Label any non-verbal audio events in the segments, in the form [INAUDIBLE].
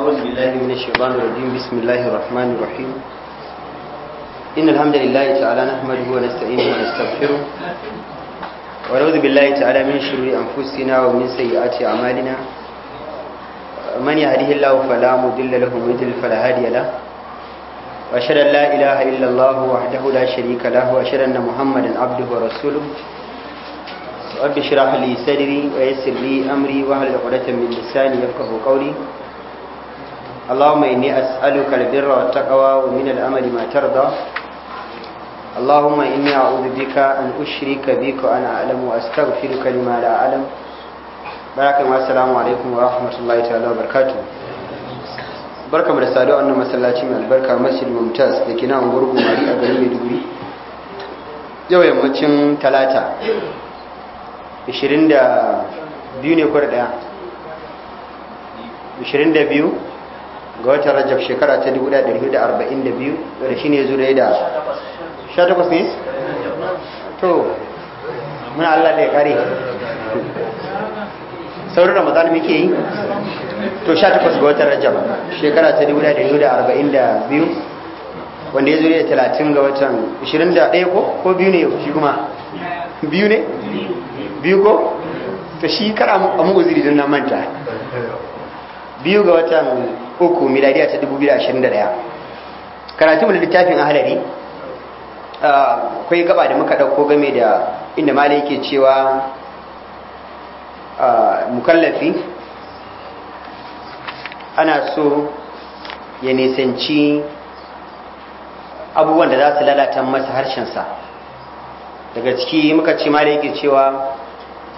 أعوذ بالله من الشيطان الرجيم بسم الله الرحمن الرحيم إن الحمد لله تعالى نحمده ونستعينه ونستغفره ونعوذ بالله تعالى من شرور أنفسنا ومن سيئات أعمالنا من يهده الله فلا مضل له ومن يضلل فلا هادي له وأشهد أن لا إله إلا الله وحده لا شريك له وأشهد أن محمدا عبده ورسوله رب اشرح لي صدري ويسر لي امري واهل عقدة من لساني يفقهوا قولي اللهم إني أسألك البر والتقوى ومن الأمل ما ترضى اللهم إني أعوذ بك أن أشرك بك وأنا أعلم وأستغفرك لما لا أعلم بارك الله السلام عليكم ورحمة الله تعالى وبركاته barkamu da saduwa annan masallaci mai albarka masjid mumtaz da ke nan gurgu mari a garin maiduguri yau yammacin talata 22 ne kwar daya 22 ga watan rajab shekara ta 1442 da shi ne zure da 18 ne? to muna allah da ya kare saurin ramadan muke yi to 18 ga watan rajab shekara ta 1442 wanda ya zure da 30 ga watan 21 ko ko biyu ne shi kuma biyu ne biyu ko to shi kar a mu don na manta biyu ga watan uku miladiya ta dubu da ashirin ɗaya. karatu mu littafin ahalari akwai gaba da muka dauko game da inda malai yake cewa mukallafi ana so ya nisanci abubuwan da za su lalata masa harshensa daga ciki muka ce malai yake cewa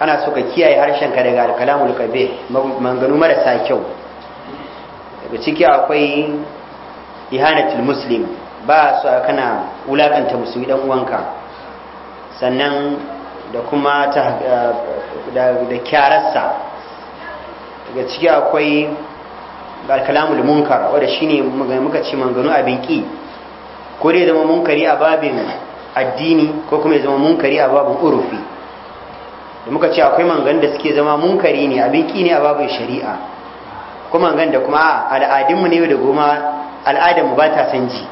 ana so ka kiyaye harshenka daga alkalamul kabe manganu marasa kyau daga ciki akwai ihanatul muslim ba su kana wulakanta musulmi dan uwanka sannan da kuma ta da kyararsa daga ciki akwai kalamul munkar wanda shine muka ce manganu abin ki ko dai zama munkari a babin addini ko kuma ya zama munkari a babin urufi da muka ce akwai manganu da suke zama munkari ne abin ki ne a babin shari'a kuma gan da kuma al'adunmu ne da goma al'adarmu ba ta san ji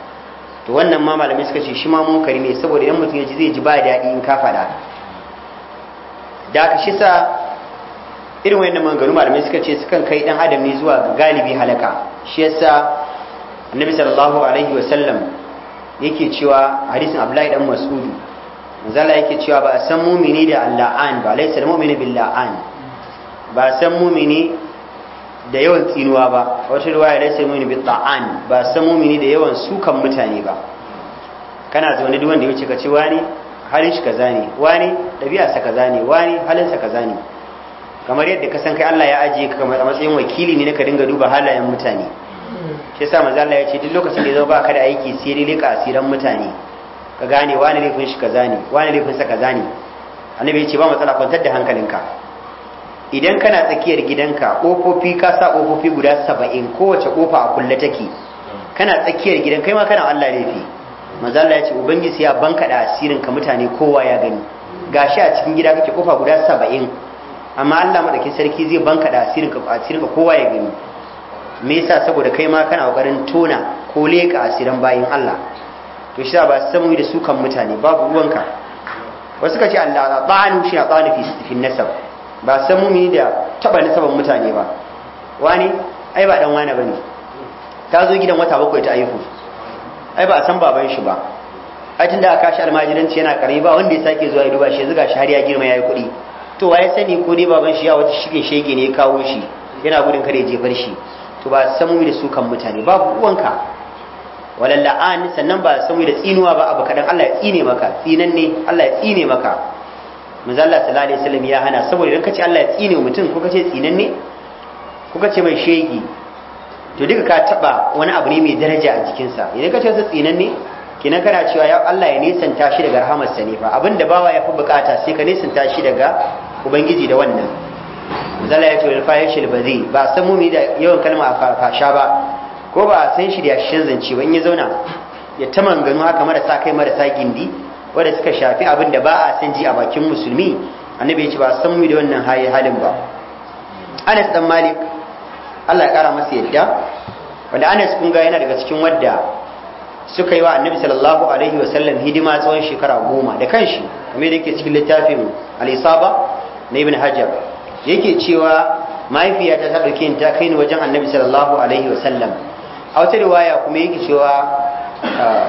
to wannan ma malamai suka ce shi ma munkari ne saboda idan mutum ya ji zai ji ba daɗi in ka faɗa da aka shi sa irin wannan maganganu malamai suka ce sukan kai dan adam ne zuwa ga galibi halaka shi yasa annabi sallallahu alaihi wasallam yake cewa hadisin abdullahi dan mas'udu zala yake cewa ba a san mumini da alla'an ba laysa al-mu'minu bil la'an ba a san mumini da yawan tsinuwa ba wata ruwaya dai sai mumini bi ta'an ba san mumini da yawan sukan mutane ba kana zaune duk wanda ya wuce ka ce wani halin shi kaza ne wani ɗabi'a sa kaza ne wani halin sa kaza ne kamar yadda ka san kai Allah ya ajiye ka kamar matsayin wakili ne na ka dinga duba halayen mutane shi yasa manzo Allah ya ce duk lokacin da ya zama baka da aiki sai dai leka asiran mutane ka gane wani laifin shi kaza ne wani laifin sa kaza ne annabi ya ce ba matsala kwantar da hankalinka idan kana tsakiyar gidanka kofofi ka sa kofofi guda saba'in kowace kofa a kulle take kana tsakiyar gidan kai ma kana Allah laifi manzo Allah ya ce ubangiji ya banka da asirin ka mutane kowa ya gani gashi a cikin gida kake kofa guda saba'in amma Allah madaukin sarki zai banka da asirin ka asirin ka kowa ya gani me yasa saboda kai ma kana kokarin tona ko leka asirin bayin Allah to shi ba samu da sukan mutane babu ruwanka wasu ka ce Allah ta'anu shi na ta'anu fi nasab ba san mini da taba saban mutane ba wani ai ba dan wani bane ta zo gidan wata bakwai ta aihu ai ba san baban shi ba ai tunda aka kashi almajiranci yana karami ba wanda ya sake zuwa ya duba shi zuga shi har ya girma yayi kuɗi to waye sani ko dai baban shi ya wata shige shege ne ya kawo shi yana gudun kare je bar shi to ba san mu da su kan mutane babu uwanka walalla an sannan ba san mu da tsinuwa ba abu kadan Allah ya tsine maka tsinan ne Allah ya tsine maka manzala sallallahu alaihi wasallam ya hana saboda idan kace Allah ya tsine mutum ko kace tsinanne ko kace mai shegi to duka ka taba wani abu ne mai daraja a sa idan kace sa tsinanne kinan kana cewa ya Allah ya nisanta shi daga sa ne fa abinda bawa ya fi bukata sai ka nisanta shi daga ubangiji da wannan manzala ya ce wal fahish bazi ba san mu da yawan kalma a fasha ba ko ba san shi da yashin zance ba in ya zauna ya ta mangano haka marasa kai marasa gindi wanda suka shafi abin da ba a san ji a bakin musulmi annabi ya ce ba san mu da wannan hayi halin ba Anas dan Malik Allah ya kara masa yadda wanda Anas kun ga yana daga cikin wadda suka yi wa annabi sallallahu alaihi wa sallam hidima tsawon shekara goma da kanshi kamar da yake cikin littafin al-isaba na ibn hajar yake cewa mahaifiyata ta ɗauke ta kai ni wajen annabi sallallahu alaihi wa sallam a wata riwaya kuma yake cewa ah,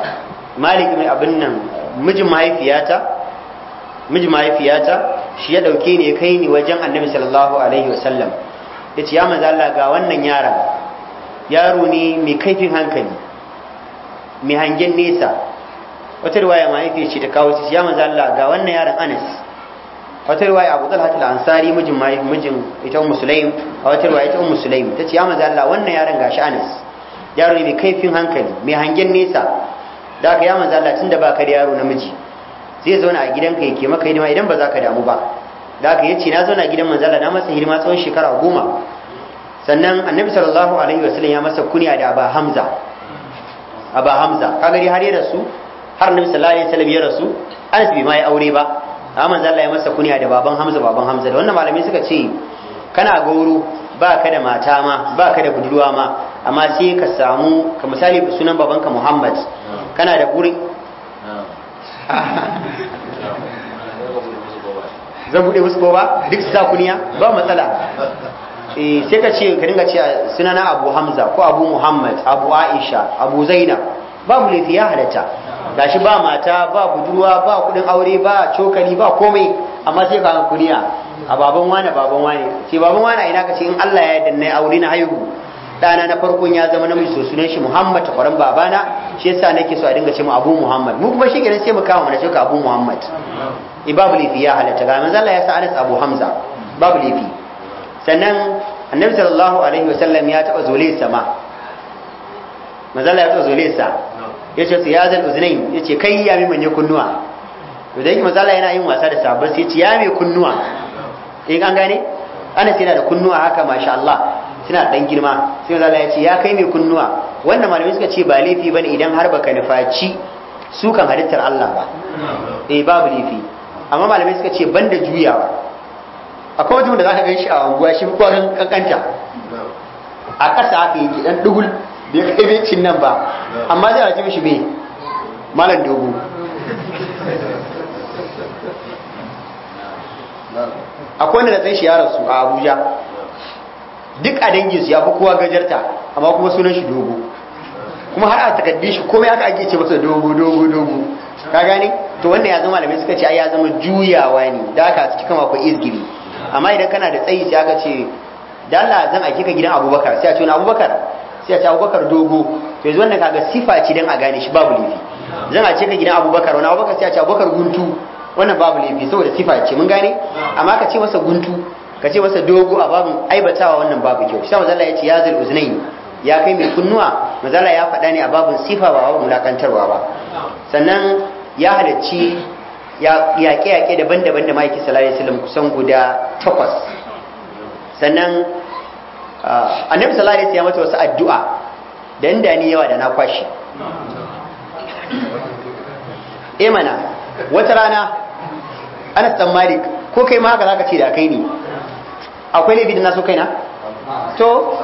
malik ibn abin nan mijin mahaifiyata mijin mahaifiyata shi ya dauke ni kai ni wajen annabi sallallahu alaihi wasallam yace ya manzo Allah ga wannan yaron yaro ne mai kaifin hankali mai hangen nesa wata riwaya mahaifiyar ce ta kawo shi ya manzo Allah ga wannan yaron Anas wata riwaya Abu Talha al-Ansari mijin mijin ita Ummu Sulaim a wata riwaya ita Ummu Sulaim tace ya manzo Allah wannan yaron gashi Anas yaro ne mai kaifin hankali mai hangen nesa da haka ya tun da ba ka da yaro namiji zai zauna a gidanka yake maka hidima idan ba za ka damu ba da haka yace na zauna a gidan manzo Allah na masa hidima tsawon shekara goma sannan annabi sallallahu alaihi wasallam ya masa kunya da aba hamza aba hamza kaga dai har ya rasu har annabi sallallahu alaihi wasallam ya rasu Anas bai ma ya aure ba amma manzo Allah ya masa kunya da baban hamza baban hamza da wannan malami suka ce kana gauro ba ka da mata ma ba ka da budurwa ma amma sai ka samu ka misali sunan babanka Muhammad kana da guri? zan buɗe musu ba duk su kuniya ba matsala eh, sai ka ce ka dinga ce sunana abu hamza ko abu muhammad abu aisha abu zainab babu laifi ya halatta gashi ba mata ba budurwa ba kudin aure ba cokali ba komai amma sai ka kuniya a baban wane baban wane ce baban wane ina ka ce in allah ya na aure na haihu dana na farkon ya zama namiji so sunan shi Muhammad ta faran babana shi yasa nake so a dinga ce mu Abu Muhammad mu kuma shikenan sai mu kama mana cewa Abu Muhammad ibabu lifi ya halatta ga manzo Allah ya sa Anas Abu Hamza babu lifi sannan Annabi sallallahu alaihi wasallam ya taba zule sama manzo Allah ya taba zule sa yace ya zan uznain yace kai ya mi manye kunnuwa to dai manzo Allah yana yin wasa da sahabbai sai yace ya mi kunnuwa in an gane Anas yana da kunnuwa haka masha Allah suna dan girma sai Allah ya ce ya kai mai kunnuwa wannan malamai suka ce ba laifi bane idan har baka nufaci su kan halittar Allah ba eh babu laifi amma malamai suka ce banda juyawa akwai wajen da zaka gan shi a unguwa shi ko kankanta a ƙasa haka yake dan dugul bai kai bencin nan ba amma zai race mishi bai malam dogo akwai wanda da tsan shi ya rasu a Abuja duk a dangin su ya fi kowa gajarta amma kuma sunan shi dogo kuma har a takaddi shi komai aka ake ce masa dogo dogo dogo ka gane to wanda ya zama malamai suka ce ai ya zama juyawa ne da aka ciki kama ko izgiri amma idan kana da tsayi sai aka ce da Allah zan ake ka gidan Abubakar sai a ce wani Abubakar sai a ce Abubakar dogo to yanzu wannan kaga sifa ce dan a gane shi babu laifi zan a ce ka gidan Abubakar wani Abubakar sai a ce Abubakar guntu wannan babu laifi saboda sifa ce mun gane amma ka ce masa guntu ka ce masa dogo a babin aibatawa wannan babu kyau shi manzala ya ce ya zil uznai ya kai mai kunnuwa manzala ya faɗa ne a babin sifa ba babin mulakantarwa ba sannan ya halarci yaƙe-yaƙe daban-daban da ma'aikin salari salam kusan guda takwas sannan annabi salari ya mata wasu addu'a da inda ni yawa da na kwashi imana eh wata rana anas dan malik ko kai ma haka zaka ce da kai ne akwai laifi da na kai na? to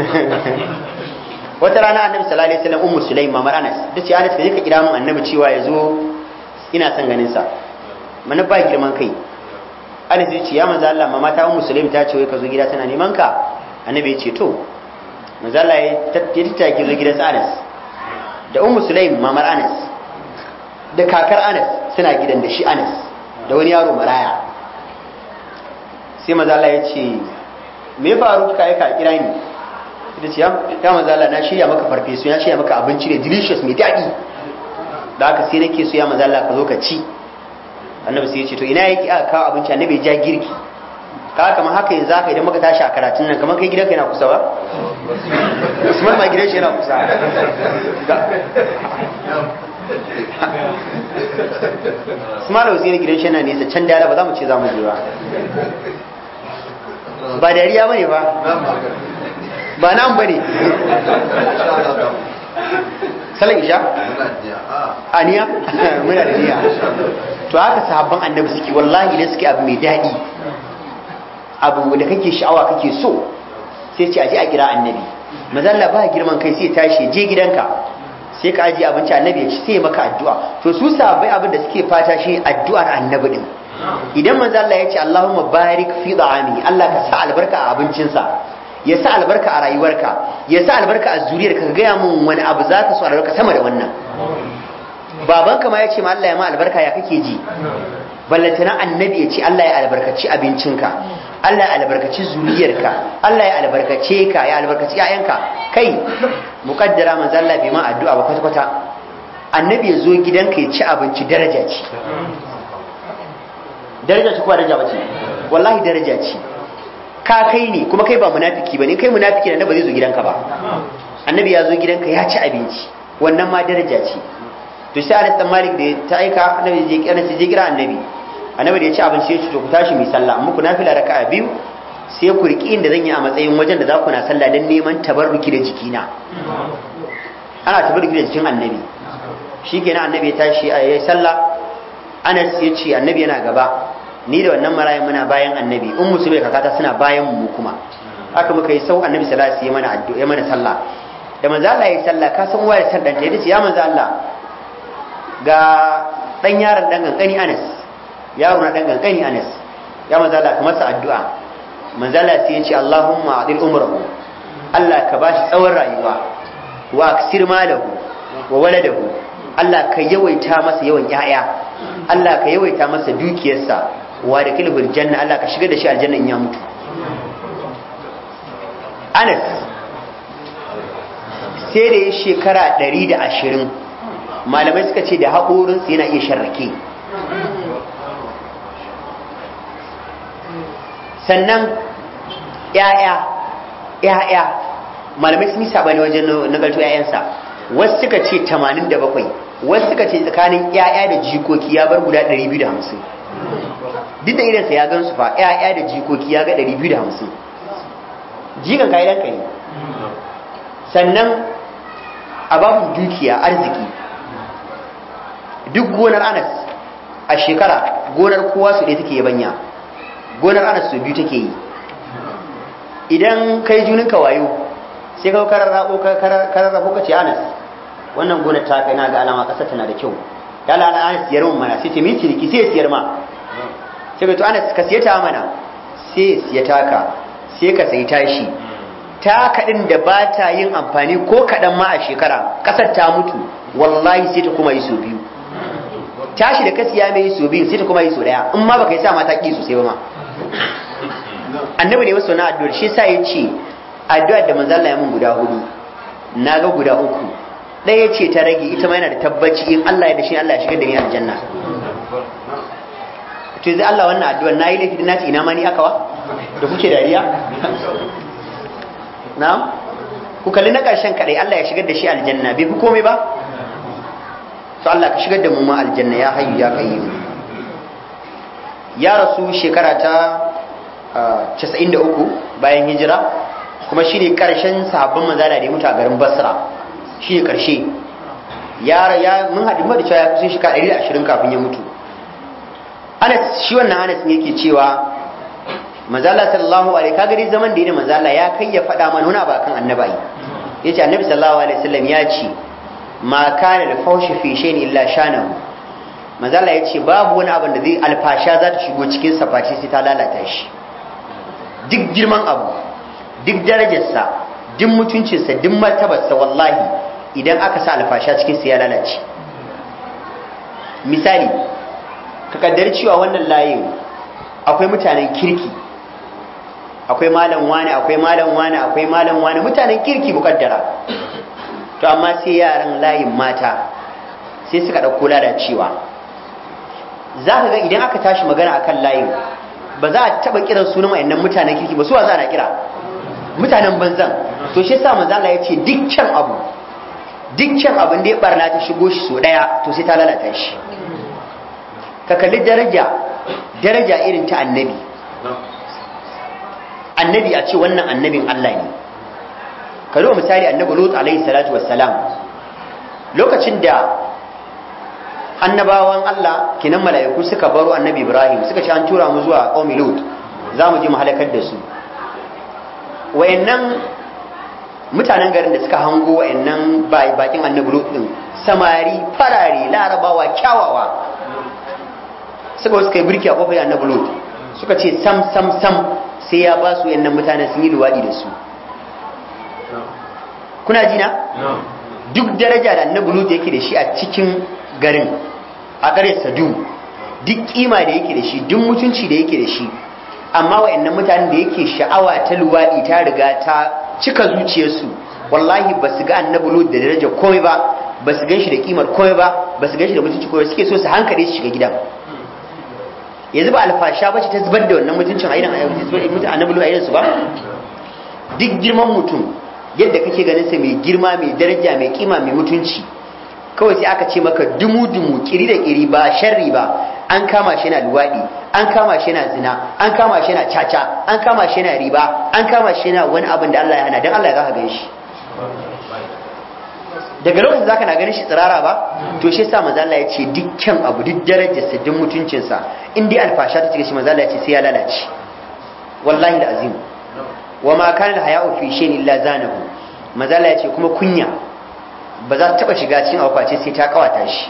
[LAUGHS] wata rana annabi sallallahu alaihi wasallam ummu sulaim mamar anas da ce anas zai ka kira min annabi cewa ya zo ina son ganin sa mana ba girman kai anas ya ce ya manzo Allah mama ta ummu sulaim ta ce wai ka zo gida tana neman ka annabi ya ce to manzo Allah ya tattaki zo gidan anas da umar sulaim mamar anas da kakar anas suna gidan da shi anas da wani yaro maraya sai mazala ya ce me faru ka yi kira ni ita ce ya mazala na shirya maka farfesu na shirya maka abinci ne delicious mai daɗi da aka sai nake so ya mazala ka zo ka ci annabi sai ya ce to ina yake aka kawo abinci annabi ya ja girki ka kamar haka yanzu haka idan muka tashi a karatun nan kamar kai gidan ka yana kusa ba usman ma gidan shi yana kusa usman da wasu gidan shi yana nesa can dala ba za mu ce za mu je ba ba dariya bane ba ba nan bane salan isha aniya [LAUGHS] muna da niya to haka sahabban annabi suke wallahi ne suke abu mai daɗi abu da kake sha'awa kake so sai ce aje a kira annabi mazalla ba girman kai sai tashi je gidanka sai ka aje abinci annabi ya ci sai maka addu'a to su sahabbai abin da suke fata shi addu'ar annabi din idan manzo Allah ya ce Allahumma barik fi da'ami Allah ka sa albarka a abincinsa ya sa albarka a rayuwarka ya sa albarka a zuriyarka ka gaya mun wani abu za ka so albarka sama da wannan babanka ma ya ce ma Allah ya ma albarka ya kake ji ballantana annabi ya ce Allah ya albarkaci abincinka Allah ya albarkaci zuriyarka Allah ya albarkace ka ya albarkaci ƴaƴanka kai muqaddara manzo Allah bai ma addu'a ba kwata kwata annabi ya zo gidanka ya ci abinci daraja ce daraja ce ko daraja bace wallahi daraja ce ka kai ne kuma kai ba munafiki bane kai munafiki ne ba zai zo gidanka ba annabi ya zo gidanka ya ci abinci wannan ma daraja ce to sai Anas Malik da ta aika annabi je kira sai je annabi annabi da ya ci abinci ya ci to ku tashi mu sallah amma ku nafila raka'a biyu sai ku riki inda zan yi a matsayin wajen da za ku na sallah dan neman tabarruki da jikina ana tabarruki da jikin annabi shikenan annabi ya tashi ya sallah anas ya ce annabi yana gaba ni da wannan marayan muna bayan annabi in musu bai kakata suna bayan mu kuma haka muka yi sau annabi sallallahu alaihi mana addu'a ya mana sallah da manzo Allah ya sallah ka san waye sallan dan ta ce ya manzo Allah ga dan yaron dan kankani Anas yaro na dan kankani Anas ya manzo Allah ka masa addu'a manzo Allah sai ya ce Allahumma adil umrahu Allah ka bashi tsawon rayuwa wa aksir malahu wa waladahu Allah ka yawaita masa yawan yaya Allah ka yawaita masa dukiyarsa wa da kilhul janna Allah ka shiga da shi aljanna in ya mutu Anas sai da ya shekara 120 malamai suka ce da haƙorinsa yana iya sharrake sannan ‘ya'ya ‘ya'ya malamai sun yi saɓani wajen nagalto ‘ya'yansa wasu suka ce 87 wasu suka ce tsakanin ƴaƴa da jikoki ya bar guda 250 duk da sa ya gan su fa ƴaƴa da jikoki ya ga 250 jikan ka idan kai sannan a babu dukiya arziki duk gonar anas a shekara gonar kowa su ɗaya take yabanya gonar anas su biyu take yi idan kai ka wayo sai ka kararrafo ka ce anas wannan gonar ta kai na ga alama ƙasar tana da kyau ya la ana siyar mun mana sai ce min ciniki sai siyar ma sai bai to ana ka siya ta mana sai siya taka sai ka sayi tashi ta kaɗin da ba ta yin amfani ko kaɗan ma a shekara ƙasar ta mutu wallahi sai ta kuma yi so biyu tashi da kasiya mai yi so biyu sai ta kuma yi so ɗaya in ma baka yi sa mata ƙi sosai ba ma annabi ne wasu na addu'ar shi sa ya ce addu'ar da manzala ya mun guda hudu na ga guda uku ɗaya ce ta rage ita ma yana da tabbaci in Allah ya dashi Allah ya shiga da ni aljanna to zai Allah wannan addu'a nayi laifi na ce ina ma ni aka wa da kuke dariya na'am ku kalli na karshen kadai Allah ya shigar da shi aljanna bai fi komai ba to Allah ka shigar da mu ma aljanna ya hayyu ya qayyim ya rasu shekara ta 93 ah, bayan hijira kuma shine karshen sahabban manzala da ya mutu a garin Basra shi ne karshe yara ya mun haɗu da cewa ya kusan da ashirin kafin ya mutu Anas shi wannan Anas ne yake cewa manzala sallallahu alaihi kaga dai zaman da yake manzala ya kai ya faɗa mana wani ba kan annabi yace annabi sallallahu alaihi wasallam ya ce ma kana da fawshi fi shay'in illa shanahu manzala yace babu wani abin da zai alfasha za ta shigo cikin sa face sai ta lalata shi duk girman abu duk darajarsa duk mutuncinsa duk martabarsa wallahi idan aka sa alfasha cikin su ya lalace misali ka kaddari cewa wannan layin akwai mutanen kirki akwai malam wani akwai malam wani akwai malam wani mutanen kirki kaddara, to amma sai yaran layin mata sai suka ɗauko lalacewa za ka ga idan aka tashi magana akan layin ba za a taɓa kiran sunan wayannan mutanen kirki ba su wa za a kira mutanen banzan to shi sa manzala ya ce dukkan abu Duk can abin da ya barna ta shigo shi so daya to sai ta lalata shi ka kalli daraja daraja irin ta annabi annabi a ce wannan annabin Allah ne ka zo misali annabi Lut alaihi salatu wassalam lokacin da annabawan Allah kinan mala'iku suka baro annabi Ibrahim suka sha an tura mu zuwa qaumi Lut za mu je mu halakar da su wayannan mutanen garin da suka hango wa'annan bakin annabi lut din samari farare larabawa kyawawa suka suka yi birki a kofar annabi lut suka ce sam sam sam sai ya ba su wa'annan mutanen sun yi luwaɗi da su kuna jina duk daraja da annabi lut yake da shi a cikin garin a ƙaryar sadu duk kima da yake da shi duk mutunci da yake da shi amma wa'annan mutanen da yake sha'awa ta luwaɗi ta riga ta cika zuciyarsu wallahi ba su ga annabi lut da daraja komai ba ba su ganshi da kimar komai ba ba su ganshi da mutunci komai suke so su hankali su shiga gida yanzu ba alfasha ba ce ta zubar da wannan mutuncin a irin annabi lut a irin su ba duk girman mutum yadda kake ganin sa mai girma mai daraja mai kima mai mutunci kawai sai aka ce maka dumu dumu kiri da kiri ba sharri ba an kama shi na luwaɗi an kama shi na zina an kama shi na caca an kama shi na riba an kama shi na wani abin da Allah ya hana dan Allah ya zaka gan shi daga lokacin zaka na ganin shi tsirara ba to shi yasa manzo Allah ya ce dukkan abu duk darajar sa duk mutuncin sa in dai alfasha ta cike shi manzo Allah ya ce sai ya lalace wallahi da azim wa ma kana haya'u fi shay'in illa zanahu manzo Allah ya ce kuma kunya ba za ta taba shiga cikin akwace sai ta kawata shi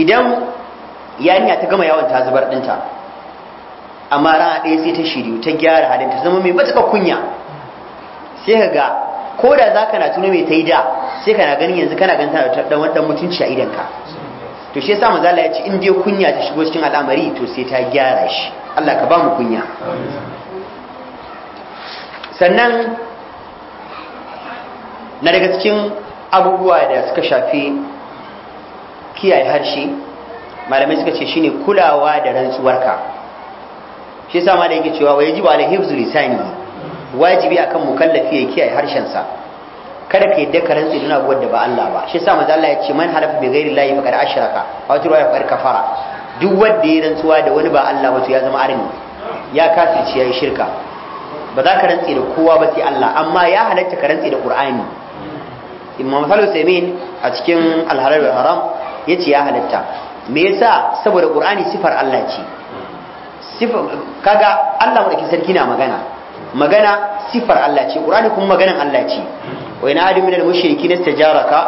idan yarinya ta gama yawon ta zubar dinta amma rana ɗaya sai ta shiryu ta gyara halin ta zama mai matuƙa kunya sai ka ga ko da za ka na tuni mai ta yi da sai ka na ganin yanzu kana ganta da da wani mutunci a idanka to shi yasa manzo ya ce in dai kunya ta shigo cikin al'amari to sai ta gyara shi Allah ka ba mu kunya sannan na daga cikin abubuwa da suka shafi kiyaye harshe malamai suka ce shine kulawa da rantsuwarka shi yasa malai yake cewa wa yajibu ala hifzul lisani wajibi akan mukallafi ya kiyaye harshen sa kada ka yadda ka rantsi duna abubuwan da ba Allah ba shi yasa manzo Allah ya ce man halafa bi ghairi lahi faqad ashraka a wata ya faqad kafara duk wanda ya rantsuwa da wani ba Allah ba to ya zama arni ya kafirci ya yayi shirka ba za ka rantsi da kowa ba sai Allah amma ya halatta ka rantsi da Qur'ani Imam Salu a cikin Al-Halal wal Haram yace ya halatta me yasa saboda qur'ani sifar Allah ce sifar kaga Allah madaki sarki na magana magana sifar Allah ce qur'ani kuma maganan Allah ce wa ina adu minal ta nastajaraka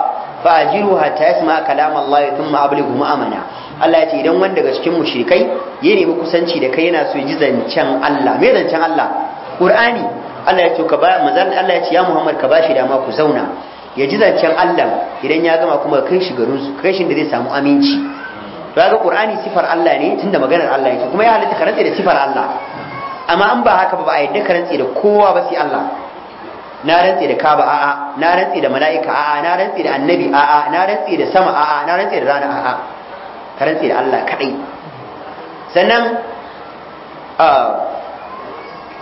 fa ajiru hatta yasma kalam Allah thumma ablighu amana Allah ya ce idan wanda daga cikin mushrikai ya nemi kusanci da kai yana so ji zancen Allah me zancen Allah qur'ani Allah ya ce ka ba manzan Allah ya ce ya Muhammad ka bashi dama ku zauna ya ji zancen Allah idan ya gama kuma kai shi garin su kai shi da zai samu aminci to ga qur'ani sifar Allah ne tunda maganar Allah yake kuma ya halitta karanta da sifar Allah amma an ba haka ba a yadda karanta da kowa ba sai Allah na rantse da kaba a'a na rantse da mala'ika a'a na rantse da annabi a'a na rantse da sama a'a na rantse da rana a'a karantse da Allah kadai sannan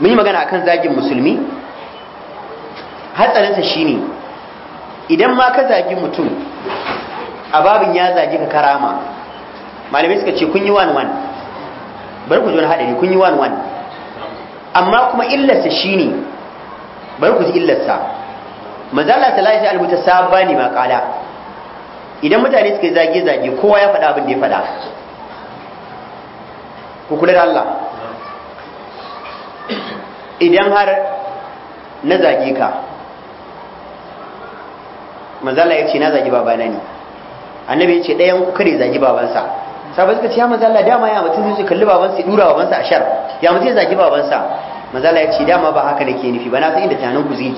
mun yi magana akan zagin musulmi hatsarinsa shine idan ma ka zagi mutum a babin ya zagi ka karama malamai suka ce kun yi wani wan bari ku ji wani haɗari kun yi wani wan amma kuma illarsa shine bari ku ji illarsa mazala ta lafi albuta sabani ma kala idan mutane suka yi zage zage kowa ya faɗa abin da ya faɗa ku kula da Allah idan har na zage ka mazala ya ce na zage babana ne annabi ya ce ɗayan ku kare zage babansa sabai suka ce ya manzo Allah dama ya mutum zai kalli babansa ya dura babansa a shar ya mutum zai zagi babansa manzo Allah ya ce dama ba haka nake nufi ba na san inda tunanin ku zai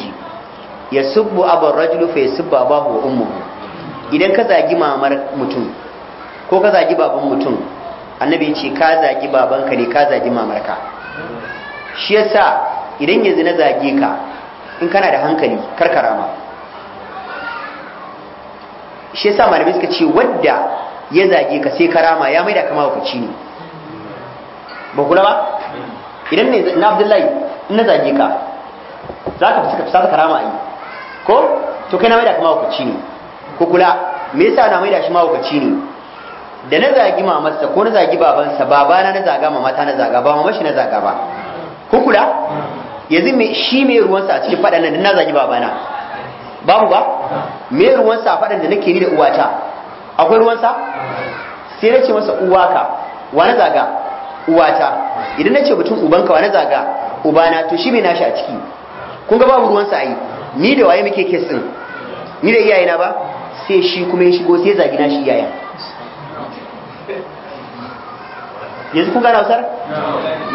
ya subbu abar rajulu fa yasubba abahu wa ummuhu idan ka zagi mamar mutum ko ka zagi baban mutum annabi ya ce ka zagi baban ka ne ka zagi mamar ka. shi yasa idan yanzu na zage ka in kana da hankali karkara ma shi yasa malamai suka ce wadda ya zage ka sai karama ya maida kama hukunci ne ba kula ba idan ne na abdullahi na zage ka za ka fi sa karama yi ko to kai na maida kama hukunci ne ko kula me yasa na maida shi ma hukunci ne da na zagi mamarsa ko na zagi babansa babana na zaga mamata na zaga ba mamashi na zaga ba ko kula yanzu shi me ruwansa a cikin faɗan nan na zagi babana babu ba me ruwansa a faɗan da nake ni da uwata akwai ruwan sa sai na ce masa uwa wa na zaga uwata idan na ce mutum ubanka wa na zaga ubana to shi mai nashi a ciki kun ga babu ruwan sa yi ni da waye muke kes din ni da iyayena ba sai shi kuma ya shigo sai zagi nashi iyayen yanzu kun gane wasar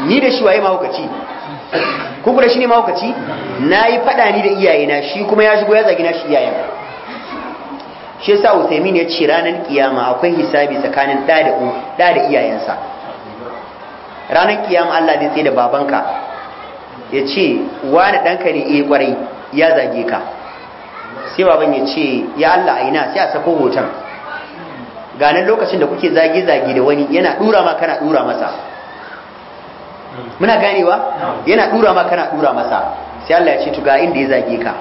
ni da shi waye mahaukaci kuku da shi ne mahaukaci na yi fada ni da iyayena shi kuma ya shigo ya zagi nashi iyayen shi yasa Usaimin ya ce ranar kiyama akwai hisabi tsakanin da da da da iyayensa ranar kiyama Allah zai tsaye da babanka ya ce wani ɗanka ne eh kwarai ya zage ka sai baban ya ce ya Allah a ina sai a sako hoton ganin lokacin da kuke zage zage da wani yana dura ma kana dura masa muna ganewa yana dura ma kana dura masa sai Allah ya ce to inda ya zage ka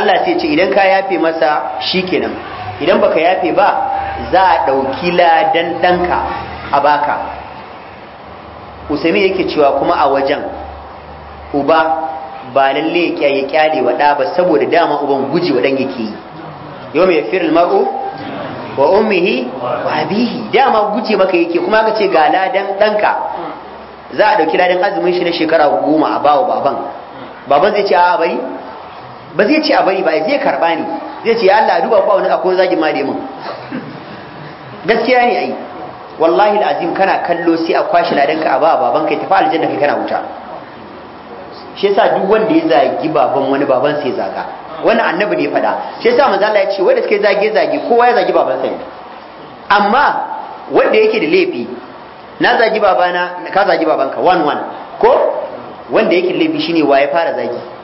Allah sai ce idan ka yafe masa shikenan idan baka yafe ba za a ɗauki ladan ɗanka a baka usami yake cewa kuma a wajen uba ba lalle ya kyale wa ɗa ba saboda dama uban guji wa ɗan yake yi yau mai firin mar'u wa ummihi wa abihi dama guje maka yake kuma aka ce ga ladan ɗanka za a ɗauki ladan azumin shi na shekara goma a bawa baban baban zai ce a bai? ba zai ce a bari ba zai karba ne zai ce ya Allah duba ba wani akwai zagi ma da gaskiya ne ai wallahi alazim kana kallo sai a kwashi ladanka a ba baban kai tafi aljanna kai kana wuta shi yasa duk wanda ya zagi baban wani baban sai zaga wannan annabi ne fada shi yasa manzo Allah ya ce wanda suke zage zage kowa ya zagi baban sai amma wanda yake da laifi na zagi babana ka zagi babanka one one ko wanda yake laifi shine wa ya fara zagi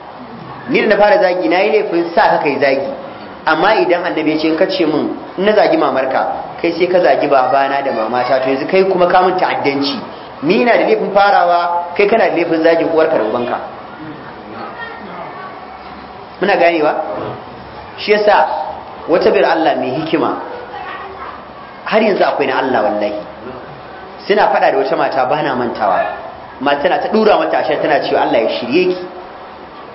ni da na fara zagi na yi laifin sa ka kai zagi amma idan annabi ya ce ka ce min in na zagi mamarka kai sai ka zagi babana da mamata to yanzu kai kuma ka mun ta'addanci ni na da laifin farawa kai kana da laifin zagi, uwarka da ubanka muna ganewa shi yasa wata bir Allah mai hikima har yanzu akwai na Allah wallahi suna fada da wata mata bana mantawa mata tana ta dura mata ashe tana cewa Allah ya shirye ki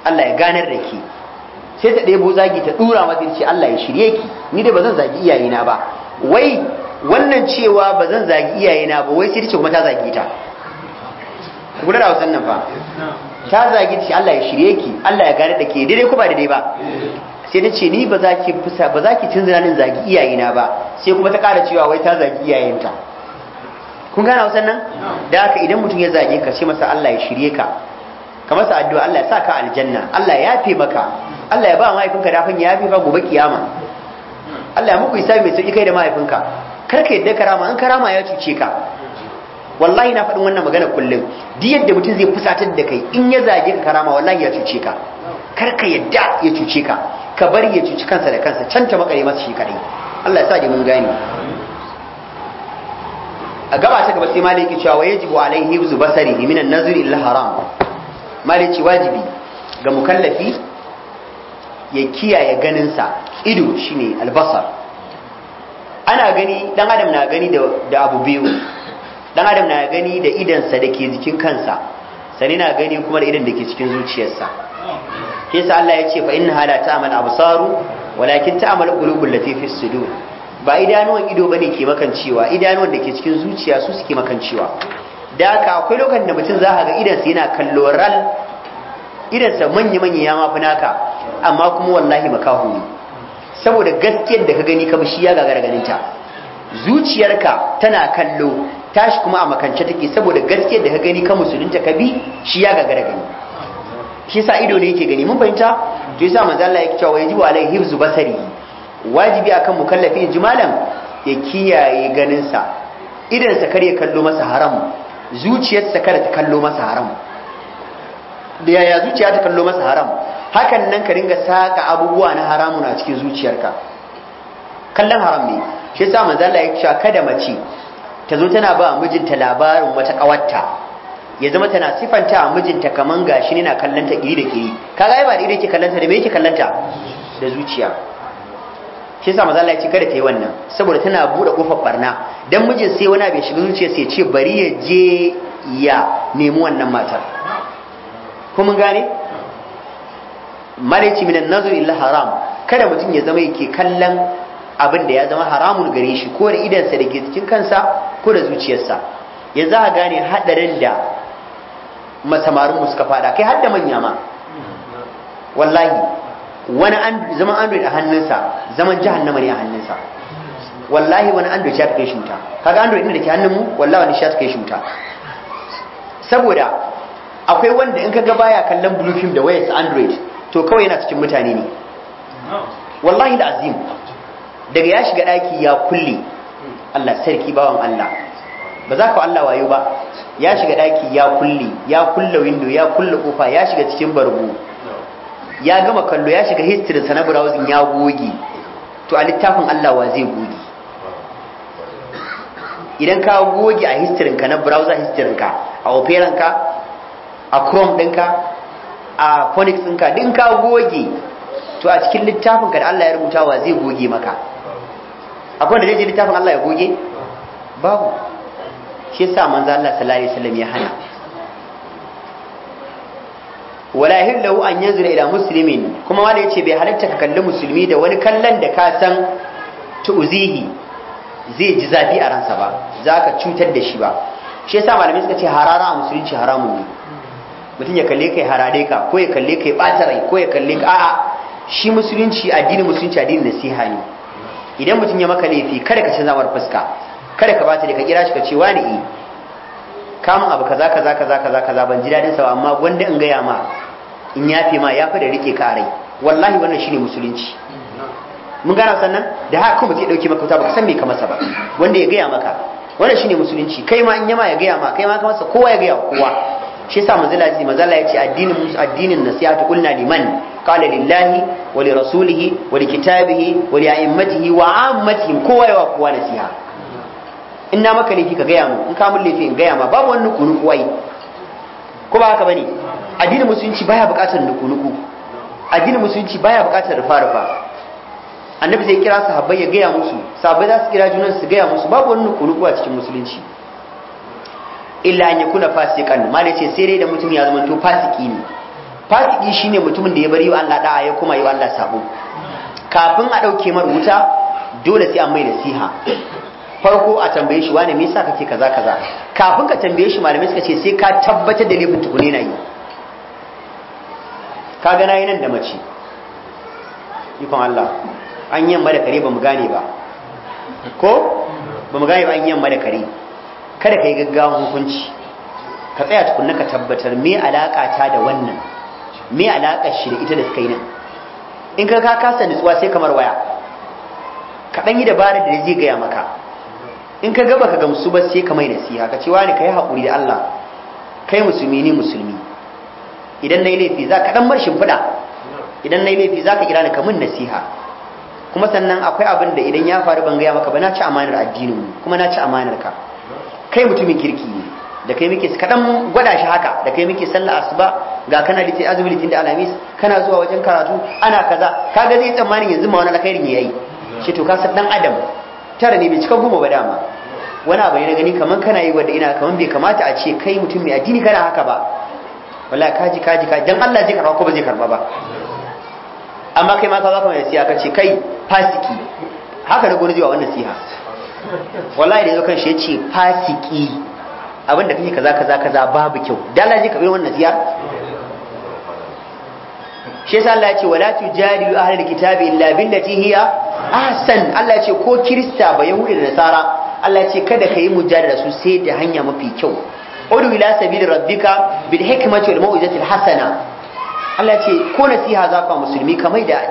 Allah ya ganar da ke sai ta ɗebo zagi ta ɗura mata ce Allah ya shirye ki ni dai ba zan zagi iyayena ba wai wannan cewa ba zan zagi iyayena ba wai sai ta ce kuma ta zagi ta guda da hausan nan fa ta zagi ta ce Allah ya shirye ki Allah ya ganar da ke daidai ko ba daidai ba sai ta ce ni ba za ki fusa ba za ki cin zinanin zagi iyayena ba sai kuma ta ƙara cewa wai ta zagi iyayenta kun gane hausan nan da haka idan mutum ya zage ka sai masa Allah ya shirye ka kamar sa addu'a Allah ya sa ka aljanna Allah ya yafe maka Allah ya ba mahaifinka dafin ya yafe ba gobe kiyama Allah ya muku isa mai sauki kai da mahaifinka kar ka yadda karama in karama ya cuce ka wallahi na faɗin wannan magana kullum duk yadda mutum zai fusatar da kai in ya zage ka karama wallahi ya cuce ka kar ka yadda ya cuce ka ka bari ya cuci kansa da kansa can ta makare masa shi Allah ya sa mun gane a gaba ta gaba sai maliki cewa wa yajibu alaihi hibzu basari? minan nazri illa haram malici wajibi ga mukallafi ya kiyaye ganinsa ido shine albasar ana gani dan adam na gani da abu biyu dan adam na gani da idansa da ke jikin kansa sani na gani kuma da idan da ke cikin zuciyarsa kisa Allah ya ce fa inna hala ta'mal absaru walakin ta'mal qulubul lati fi sudur ba idanuwan ido bane ke makancewa idanuwan da ke cikin zuciya su suke makancewa da haka akwai lokacin da mutum za a ga idansa yana kallo ral idansa manya-manya ya mafi naka amma kuma wallahi makahu ne saboda gaskiyar da ka gani ka shi ya gagara ganinta zuciyarka tana kallo tashi kuma a makance take saboda gaskiyar da ka gani ka musulunta ka bi shi ya gagaragani. gani shi sa ido ne yake gani mun fahimta to yasa manzo Allah yake cewa yajibu alai hifzu basari wajibi akan mukallafi in ji malam ya kiyaye ganinsa idansa kar ya kallo masa haram zuciyarsa kada ta kallo masa haram da yaya zuciya ta kallo masa haram hakan nan ka ringa saka abubuwa na haramu na cikin zuciyarka kallon haram ne shi yasa manzo Allah ya ce kada mace ta zo tana ba mijinta labarin wata kawarta ya zama tana sifanta a mijinta kaman gashi ne na kallanta kiri da kiri kaga ai ba da ido yake kallanta da me yake kallanta da zuciya shi yasa maza Allah ya ce kada ta yi wannan saboda tana bude kofar barna dan mijin sai wani ya shiga zuciya sai ce bari ya je ya nemi wannan matar ko mun gane malaici minan nazar illa haram kada mutum ya zama yake kallon abin da ya zama haramun gare shi ko da idansa da ke cikin kansa ko da zuciyarsa ya za a gane hadarin da masamarin mu suka fada kai har da manya ma wallahi wani zaman android a hannunsa zaman jahannama ne a hannunsa wallahi wani android ya kai shuta. kaga an din da ke hannun mu wallahi wani shi ya kai shuta. saboda akwai wanda in kaga baya kallon blue film da wayarsa android to kawai yana cikin mutane ne wallahi da azim daga ya shiga daki ya kulle Allah sarki bawan Allah ba za ka Allah wayo ba ya shiga daki ya kulle ya kulle window ya kulle kofa ya shiga cikin bargo ya gama kallo ya shiga history sa na browsing ya goge to a littafin Allah wa zai goge idan ka goge a history ka na browser history ka a opera ka a chrome ka, a din ka, din ka goge to a cikin littafin ka da Allah ya rubuta wa zai goge maka akwai da zai je littafin Allah ya goge babu shi yasa manzo Allah sallallahu alaihi wasallam ya hana wala yahillu an yanzura ila muslimin kuma wanda yace bai halatta ka kalli musulmi da wani kallon da ka san tu'zihi zai ji zafi a ransa ba zaka cutar da shi ba shi yasa malamai suka ce harara a musulunci haramun ne mutum ya kalle kai harare ka ko ya kalle kai bata rai ko ya kalle ka a'a shi musulunci addinin musulunci addinin nasiha ne idan mutum ya maka laifi kada ka canza mar fuska kada ka bata da ka kira shi ka ce wani eh? kamun abu kaza kaza kaza kaza kaza ban ji dadin sa amma wanda in gaya ma in yafe ma yafi da rike karai wallahi wannan shine musulunci mun gana sannan da haka kuma zai dauki maka wuta baka san me ka masa ba wanda ya gaya maka wannan shine musulunci kai ma in yama ya gaya ma kai ma ka masa kowa ya gaya kowa shi yasa manzala ji manzala ya ce addinin addinin nasihatu qulna liman qala lillahi wa li rasulihi wa li kitabihi wa li a'immatihi wa ammatihi kowa ya wa kowa nasiha in na maka laifi ka gaya mu in ka mun laifi in gaya ma babu wani nuku nuku wai ko ba haka bane addinin musulunci baya buƙatar nuku nuku addinin musulunci baya buƙatar rufa rufa annabi zai kira sahabbai ya gaya musu sahabbai za su kira junan su gaya musu babu wani nuku nuku a cikin musulunci illa an yakuna fasikan malai ce sai dai da mutum ya zama to fasiki ne fasiki shine mutumin da ya bari Allah da'a ya kuma yi Allah sabo kafin a dauke mar wuta dole sai an mai nasiha farko a tambaye shi wane me yasa kake kaza kaza kafin ka tambaye shi malamai suka ce sai ka tabbatar da laifin tukune na yi ka ga nayi nan da mace ikon Allah an yamma da kare bamu gane ba ko bamu gane ba an yamma da kare kada kai gaggawan hukunci ka tsaya tukunna ka tabbatar me alaka ta da wannan me alaka shi da ita da kai nan in ka ka kasa nutsuwa sai kamar waya ka dan yi dabara da zai gaya maka in ka gaba ka gamsu ba sai ka mai nasiha ka ce wani ka haƙuri da Allah kai musulmi ne musulmi idan na yi laifi za ka ɗan bar shimfiɗa idan na yi laifi za ka kira ni ka min nasiha kuma sannan akwai abin da idan ya faru ban gaya maka ba na ci amanar addinin mu kuma na ci amanar ka kai mutumin kirki ne da kai muke ka dan gwada shi haka da kai muke sallah asuba ga kana litin azumi litin da alamis kana zuwa wajen karatu ana kaza kaga zai tsammanin yanzu ma wani alkhairin yayi shi to ka san dan adam tara ne bai cika goma ba dama wani abu ne na gani kaman kana yi wadda ina kaman bai kamata a ce kai mutum mai addini kana haka ba wala kaji kaji kaji dan Allah zai karba ko ba zai karba ba amma kai ma ka zaka mai siya ka ce kai fasiki haka da gona jiwa wannan siha wallahi da yanzu kan shi ya ce fasiki abinda kake kaza kaza kaza babu kyau da Allah zai karbi wannan siya shi yasa Allah ya ce wala tujadilu ahlul kitabi illa billati hiya ahsan Allah ya ce ko kirista ba yahudi da nasara Allah ya ce kada ka yi da su sai da hanya mafi kyau udu ila sabili rabbika bil hikmati wal mau'izati al hasana Allah ya ce ko nasiha za ka musulmi kamar da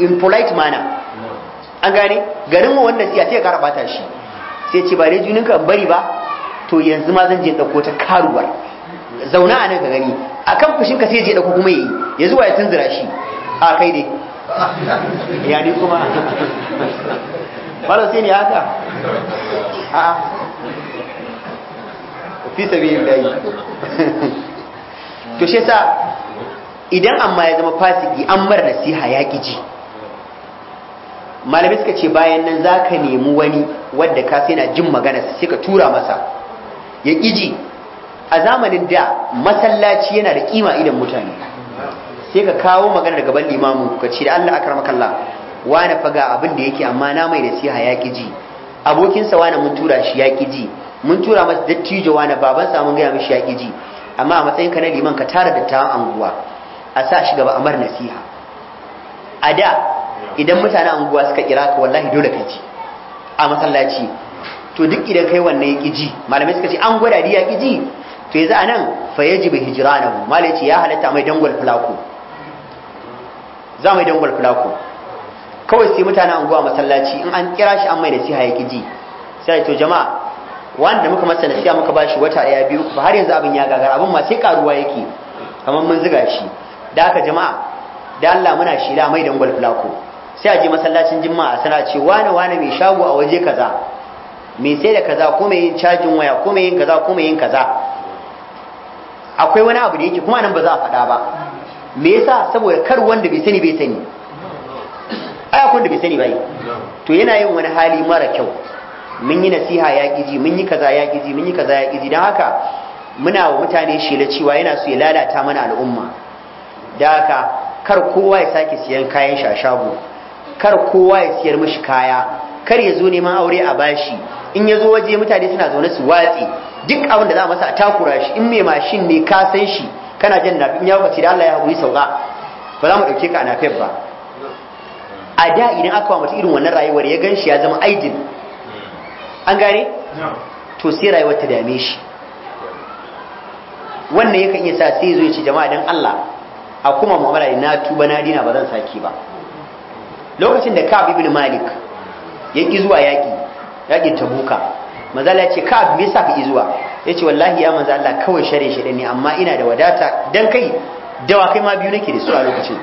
in polite manner an gane garin mu wannan siya sai ka rabata shi sai ce ba dai ka bari ba to yanzu ma zan je dauko ta karuwar zauna a nan ka gani a kan fushin ka sai je dauko kuma yayi ya zuwa ya tunzura shi a kai dai [LAUGHS] ya ni kuma [LAUGHS] malam sai ne haka a fi sabilillahi [LAUGHS] to shi yasa idan amma ya zama fasiki an mara nasiha ya ji malamai suka ce bayan nan za ka nemi wani wadda ka sai na jin magana sai ka tura masa ya ƙiji. a zamanin da masallaci yana da kima idan mutane sai ka kawo magana daga ban limamu ka ce da Allah akramaka Allah wani faga abin da yake amma na mai nasiha ya ki ji abokinsa wani mun tura shi ya ki ji mun tura masa dattijo wani babansa mun gaya mishi ya ki ji amma a matsayin ka na liman ka tara dattawan anguwa a sa shi gaba amar nasiha a da idan mutane anguwa suka kira ka wallahi dole ka ji a masallaci to duk idan kai wannan ya ki ji malamai suka ce an gwada ya ki ji to yanzu anan fa yajibu hijira mala yace ya halatta mai dangwal fulaku za mai dangwal fulaku kawai sai mutanen anguwa masallaci in an kira shi an mai nasiha siha ya kiji sai to jama'a wanda muka masa nasiha muka ba shi wata daya biyu ba har yanzu abin ya gagara abin ma sai karuwa yake kamar mun ziga shi da haka jama'a da Allah muna shila mai dangwal fulaku sai a je masallacin jima'a sana ce wane wane mai shago a waje kaza mai sai da kaza kuma yin cajin waya ko mai yin kaza ko mai yin kaza akwai wani abu da yake kuma nan ba za a faɗa ba me yasa saboda kar wanda bai sani bai sani ai akwai wanda bai sani bai to yana yin wani hali mara kyau mun yi nasiha ya ji mun yi kaza ya ji mun yi kaza ya ji don haka muna wa mutane shela cewa yana so ya lalata mana al'umma da haka kar kowa ya sake siyan kayan shi shago kar kowa ya siyar mashi kaya kar ya zo neman aure a bashi in ya zo waje mutane suna zaune su watsi duk abin da za a masa takura shi in mai mashin ne ka san shi kana jin nafi in ya kwace da Allah ya haƙuri sauka ba za mu ɗauke ka a nafiyar ba a da idan aka wa mutum irin wannan rayuwar ya gan shi ya zama aidin an gane to sai rayuwar ta dame shi wannan yakan iya sa sai zo ya ce jama'a dan Allah a kuma mu'amala na tuba na dina ba zan saki ba lokacin da ka ibn Malik ya izuwa zuwa yaƙi yaƙi tabuka manzo Allah ya ce ka me yasa ka izuwa, yace wallahi ya manzo Allah kawai share shi ne amma ina da wadata dan kai dawa kai ma biyu nake da su a lokacin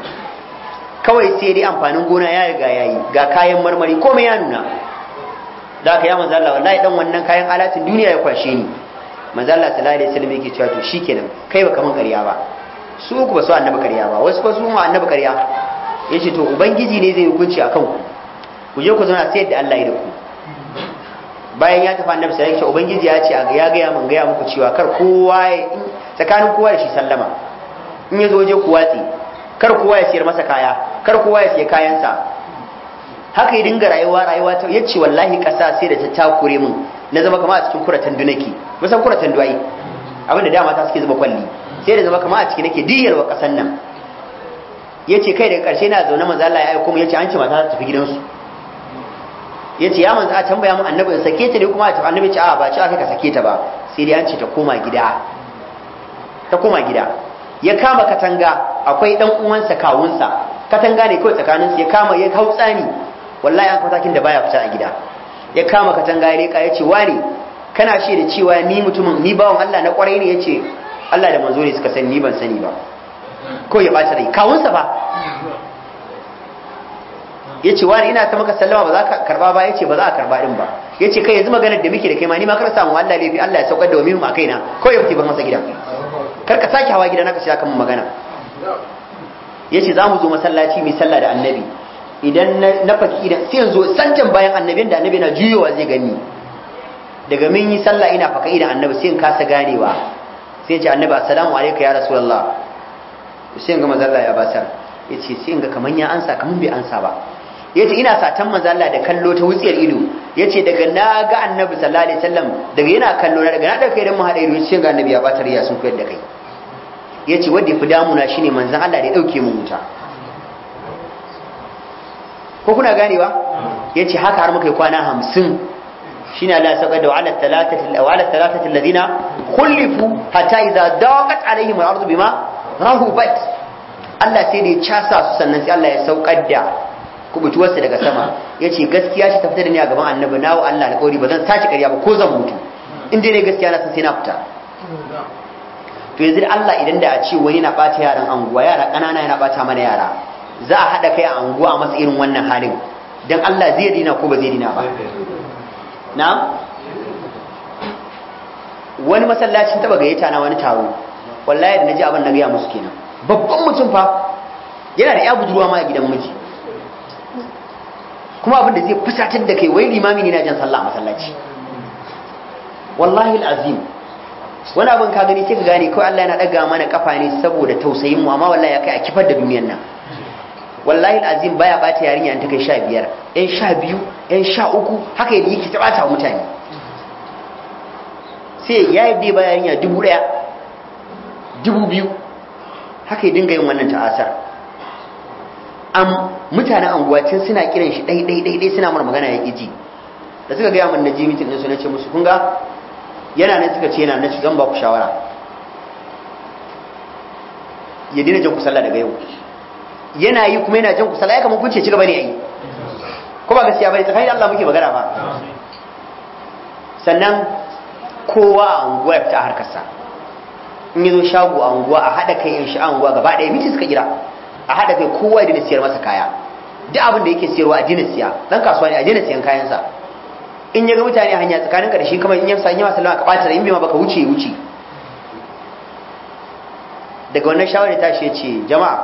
kawai sai dai amfanin gona ya riga yayi ga kayan marmari komai ya nuna da ka ya manzo Allah wallahi dan wannan kayan alatin duniya ya kwashe ni manzo Allah sallallahu alaihi wasallam yake cewa to shikenan kai baka mun ƙarya ba su ku ba su annabi ƙarya ba wasu ba su mu annabi ƙarya yace to ubangiji ne zai hukunci akan ku ku je ku zauna sai da Allah ya da ku bayan ya tafi annabi sallallahu alaihi ubangiji ya ce ya gaya mun gaya muku cewa kar kowa ya tsakanin kowa da shi sallama in ya zo je ku watsi kar kowa ya siyar masa kaya kar kowa ya siya kayansa haka ya dinga rayuwa rayuwa ta yace wallahi kasa sai da ta takure mun na zama kama a cikin kuratan dunaki musan kuratan duwai abinda dama ta suke zuba kwalli sai da zama kama a ciki nake diyar wa kasan nan yace kai daga karshe na zaune manzo Allah ya aika kuma yace an ce mata ta tafi gidansu yace ya manzo a tambaya mu annabi sake ta ne kuma a annabi ce a ba ci aka ka sake ta ba sai dai an ce ta koma gida ta koma gida ya kama katanga akwai dan uwansa kawunsa katanga ne kawai tsakanin su ya kama ya hau tsani wallahi an kwatakin da baya fita a gida ya kama katanga ya leka ya ce wani kana shi da cewa ni mutumin ni bawan Allah na kwarai ne ya ce Allah da manzo ne suka sani ni ban sani ba ko ya bata rai kawunsa ba ya ce wani ina ta maka sallama ba za ka karba ba ya ce ba za a karba din ba ya ce kai yanzu magana da muke da kai ma ni ma kar samu Allah laifi Allah ya saukar da wamimu a kaina ko ya fiti ban masa gida kar ka sake hawa gida na ka shi aka mun magana ya ce za mu zo masallaci mai sallah da annabi idan na faki idan sai yanzu sanjan bayan annabi da annabi na juyowa zai gani daga min yi sallah ina faka idan annabi sai in kasa ganewa sai ce annabi assalamu alaikum ya rasulullah sai in ga mazalla ya basar ya ce sai in ga kaman ya ansa kaman bai ansa ba yace ina satan manzo Allah da kallo ta wutsiyar ido yace daga na ga annabi sallallahu alaihi wasallam daga yana kallo na daga na dauke idan mu hada ido yace ga annabi ya batar ya sun koyar da kai yace wanda fi damuna shine manzo Allah da ya dauke mu wuta ko kuna ganewa yace haka har muka yi kwana 50 shine Allah ya saka da ala talatati wa talatati thalathati alladhina khulifu hatta idza daqat alaihim al-ardu bima rahubat Allah sai da ya casa su sannan sai Allah ya saukar da kubutuwarsa daga sama ya ce gaskiya shi ta fita da ni a gaban annabi na wa Allah alƙawari ba zan sace ƙarya ba ko zan mutu in dai ne gaskiya na san sai na fita to yanzu Allah idan da a ce wani na ɓata yaran anguwa yara ƙanana yana ɓata mana yara za a haɗa kai a anguwa a masa irin wannan halin dan Allah zai dina ko ba zai dina ba na wani masallacin taba gayyata na wani taro wallahi da naji abin na gaya musu kenan babban mutum fa yana da ya budurwa ma a gidan miji kuma abin da zai fusatar da kai wai limami ne na jan sallah masallaci wallahi alazim wani abin ka gani sai ka gane kawai Allah yana daga mana kafa ne saboda tausayin mu amma wallahi ya kai a kifar da duniyar nan wallahi alazim baya bata yarinya an ta kai 15 yan 12 yan 13 haka yake ta mutane sai ya yi ba yarinya dubu daya dubu biyu haka ya dinga yin wannan ta'asar am mutanen anguwa tun suna kiran shi dai dai dai suna mana magana ya ji da suka gaya min na ji mitin su na ce musu kun ga yana nan suka ce yana nan zan ba ku shawara ya dina jan ku sallah daga yau yana yi kuma yana jan ku sallah ya kamar kun ce ci gaba ne yi ko ba gaskiya bane tsakanin Allah muke magana ba sannan kowa a anguwa ya fita harkarsa in yi zo shago a anguwa a haɗa kai in shi a anguwa gaba ɗaya miti suka kira a haɗa kai kowa ya dina siyar masa kaya duk abin da yake siyarwa a dina siya dan kasuwa ne a dina siyan kayansa in ya ga mutane hanya tsakanin ka da shi kamar in ya sa yi masa ka ɓata in bai ma baka wuce ya wuce daga wannan shawarar ta shi ce jama'a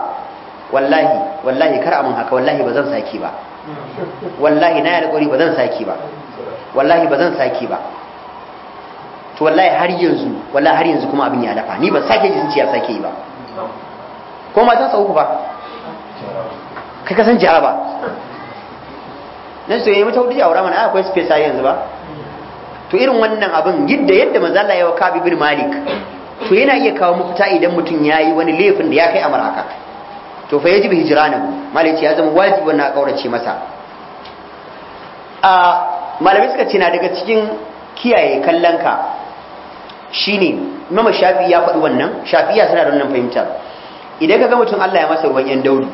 wallahi wallahi kar amin haka wallahi ba zan saki ba wallahi na yi alƙawari ba zan saki ba wallahi ba zan saki ba to wallahi har yanzu wallahi har yanzu kuma abin ya lafa ni ba sake ji sun ce ya sake yi ba ko ma sa sauku ba kai ka san jaraba nan su yi mata hudu aura mana akwai space yanzu ba to irin wannan abin yadda yadda manzo Allah ya wa Kabi bin Malik to yana iya kawo mafita idan mutum yayi wani laifin da ya kai amara haka to fa yajibu hijranahu malik ya zama wajibi na kaurace masa a malamai suka ce na daga cikin kiyaye kallon ka shine mama Shafi ya faɗi wannan shafi ya sanar da wannan fahimta idan ka ga mutum Allah ya masa ruwan yan dauri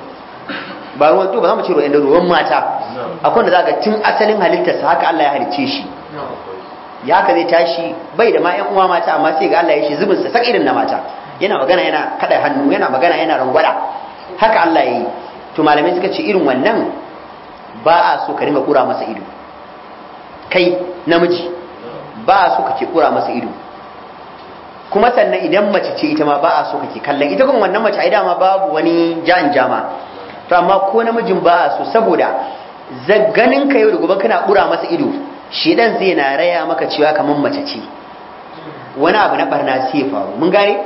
ba ruwan to ba za mu ce ruwan da ruwan mata akwai da za ga tun asalin halittarsa haka Allah ya halicce shi ya haka zai tashi bai da ma ƴan uwa mata amma sai ga Allah ya shi zubin sa irin na mata yana magana yana kada hannu yana magana yana rangwada haka Allah ya yi to malamai suka ce irin wannan ba a so ka ringa kura masa ido kai namiji ba a so ka ke kura masa ido kuma sannan idan mace ce ita ma ba a so ka ke kallon ita kuma wannan mace ai dama babu wani jan jama to amma ko namijin ba a so saboda ganin ka yau da gobe kana ƙura masa ido shi dan zai na raya maka cewa kamar mace ce wani abu na barna sai ya faru mun gane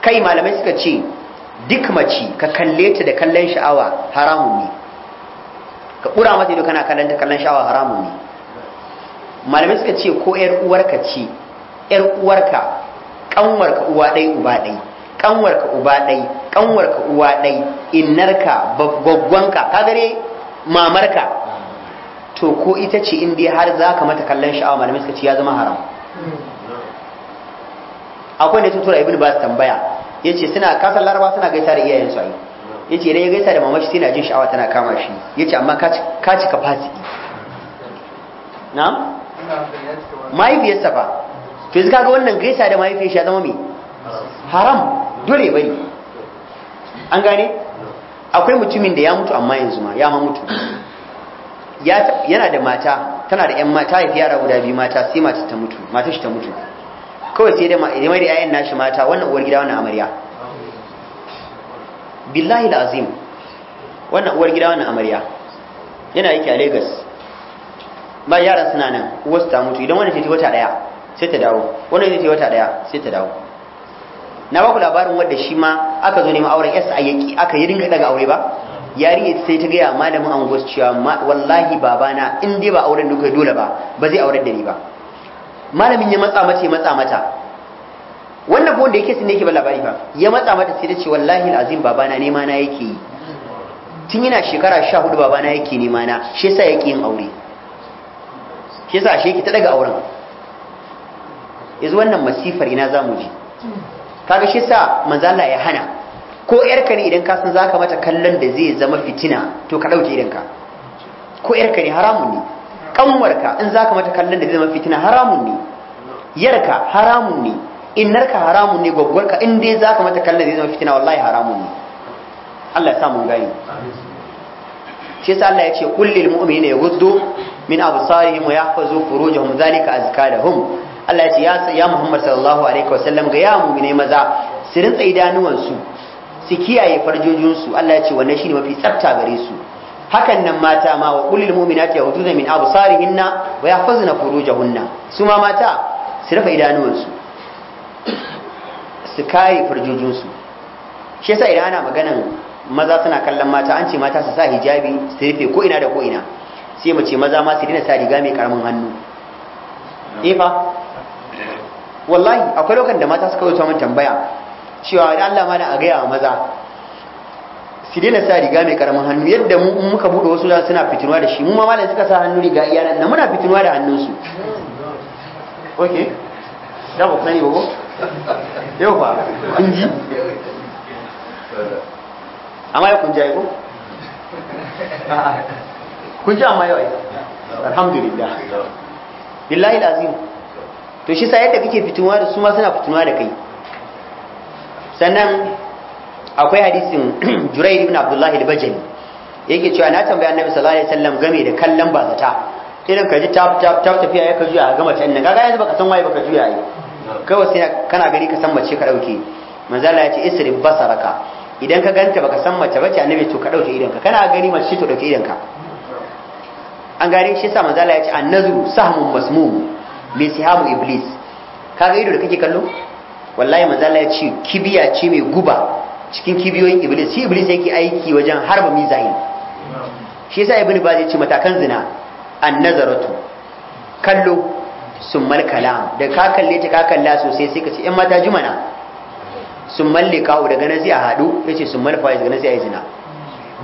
kai malamai suka ce duk mace ka kalle ta da kallon sha'awa haramun ne ka ƙura masa ido kana kallon ta kallon sha'awa haramun ne malamai suka ce ko 'yar uwarka ce 'yar uwarka ƙanwarka uwa ɗaya uba ɗaya. kanwarka uba ɗai kanwarka uwa ɗai innarka gwaggwanka ka gare mamarka to ko ita ce in dai har za ka mata kallon sha'awa malamai suka ce ya zama haram akwai ne tutura ibn ba tambaya yace suna kasan laraba suna gaisa da iyayensu ai yace idan ya gaisa da mamashi tana jin sha'awa tana kama shi yace amma ka cika fasi. na mahaifiyarsa fa to yanzu ga wannan gaisa da mahaifiyarsa ya zama mai? haram dole bari an gane akwai mutumin da ya mutu amma yanzu ma ya ma mutu yana da mata tana da 'yan mata ya fi yara guda biyu mata sai mata ta mutu mata shi ta mutu kawai sai da mai da 'ya'yan nashi mata wannan uwar gida wannan amarya billahi lazim wannan uwar gida wannan amarya yana yake a lagos ba yara suna nan su ta mutu idan wani ta wata daya sai ta dawo wani ta wata daya sai ta dawo na ba ku labarin wanda shi ma aka zo neman auren yasa aka yi rinka daga aure ba yari sai ta gaya malamin anguwar cewa wallahi babana in dai ba auren da kai dole ba ba zai auren da ni ba malamin ya matsa mata ya matsa mata wannan ko da yake sun yake ba labari ba ya matsa mata sai ta ce wallahi alazim babana nema na yake yi tun yana shekara sha hudu babana yake nema na shi yasa yake yin aure shi yasa shi yake ta daga auren yanzu wannan masifar ina za mu ji kaga shi sa manzo Allah ya hana ko yarka ne idan ka san zaka mata kallon da zai zama fitina to ka dauke idanka ko yarka ne haramun ne kanwarka in zaka mata kallon da zai zama fitina haramun ne yarka haramun ne innarka haramun ne gwaggwarka in dai zaka mata kallon da zai zama fitina wallahi haramun ne Allah ya sa mun gani shi sa Allah ya ce kullil mu'minina yaghuddu min absarihim wa yahfazu furujahum zalika azka lahum Allah ya ce ya Muhammad sallallahu alaihi wasallam ga ya mu'mine maza su rinsa idanuwansu su kiyaye farjojinsu Allah ya ce wannan shine mafi tsafta gare su hakan nan mata ma wa qulil mu'minati yawduna min absarihinna wa yahfazna furujahunna su ma mata su rufe idanuwansu su kare farjojinsu shi yasa idan ana maganan maza suna kallon mata an ce mata su sa hijabi su rufe ko ina da ko ina sai mu ce maza ma su dina sa riga mai karamin hannu efa eh wallahi akwai lokacin da mata suka wuce min tambaya cewa da Allah ma da a gaya maza su dina sa riga mai karamin hannu yadda mu in muka bude wasu suna fitinuwa da shi mu ma malam suka sa hannu riga iya nan muna fitinuwa da hannunsu okay da ba sani ba ko yau fa kun ji amma ya kun ji ko kun ji amma yau alhamdulillah billahi lazim to shi sa yadda kake fituwa da su ma suna fituwa da kai sannan akwai hadisin [CLEARS THROAT] jurayr ibn Abdullah al-Bajali yake cewa na tambaya Annabi sallallahu alaihi wasallam game da kallon bazata irin ji tap tap tap tafiya ya ka juya ga mace nan kaga yanzu baka san waye baka juya yi kawai sai kana gani ka san mace ka dauke manzo Allah ya ce isrib basaraka idan ka ganta baka san mace bace Annabi to ka dauke idan ka kana gani mace to dauke idan ka an gane shi sa manzala ya ce nazuru sahamun masmu mai sihamu iblis kaga ido da kake kallo wallahi manzala ya ce kibiya ce mai guba cikin kibiyoyin iblis shi iblis yake aiki wajen harba mizahin shi sa ibnu baz ya ce matakan zina nazaratu kallo sun malkala da ka kalle ta ka kalla sosai sai ka ce in mata jumana malle kawo daga nazi a hadu ya ce sun daga yi zina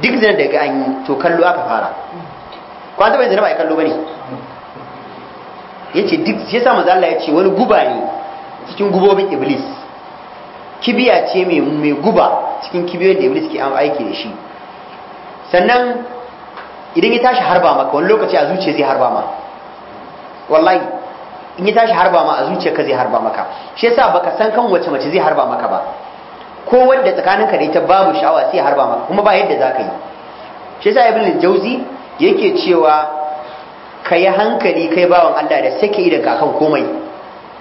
duk zina daga an yi to kallo aka fara ba taba bai zina ba ya kallo ba ne? Ya ce duk ya sa manzo Allah ya ce wani guba ne cikin gubobin iblis kibiya ce mai guba cikin kibiyoyin da iblis ke aiki da shi sannan idan ya tashi harba maka wani lokaci a zuciya zai harba ma wallahi in ya tashi harba ma a zuciya ka zai harba maka shi yasa baka san kan wace mace zai harba maka ba ko wanda tsakaninka da ita babu sha'awa sai harba maka kuma ba yadda za ka yi shi yasa ibn al jauzi. yake cewa ka yi hankali kai bawan Allah da sake idanka kan komai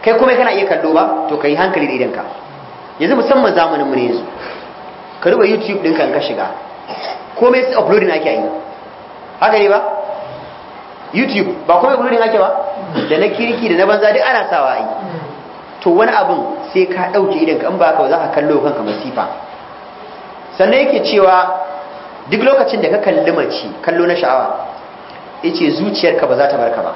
kai kuma kana iya kallo ba to ka yi hankali da ka yanzu musamman zamanin mu ne yanzu ka ruba youtube din kan ka shiga komai su uploading ake yi haka ne ba youtube ba komai uploading ake ba da na kirki da na banza duk ana sawa yi to wani abun sai ka ɗauke ka in ba ka ba za ka kallo kanka masifa sannan yake cewa duk lokacin da ka kalli mace kallo na sha'awa yace zuciyarka ba za ta barka ba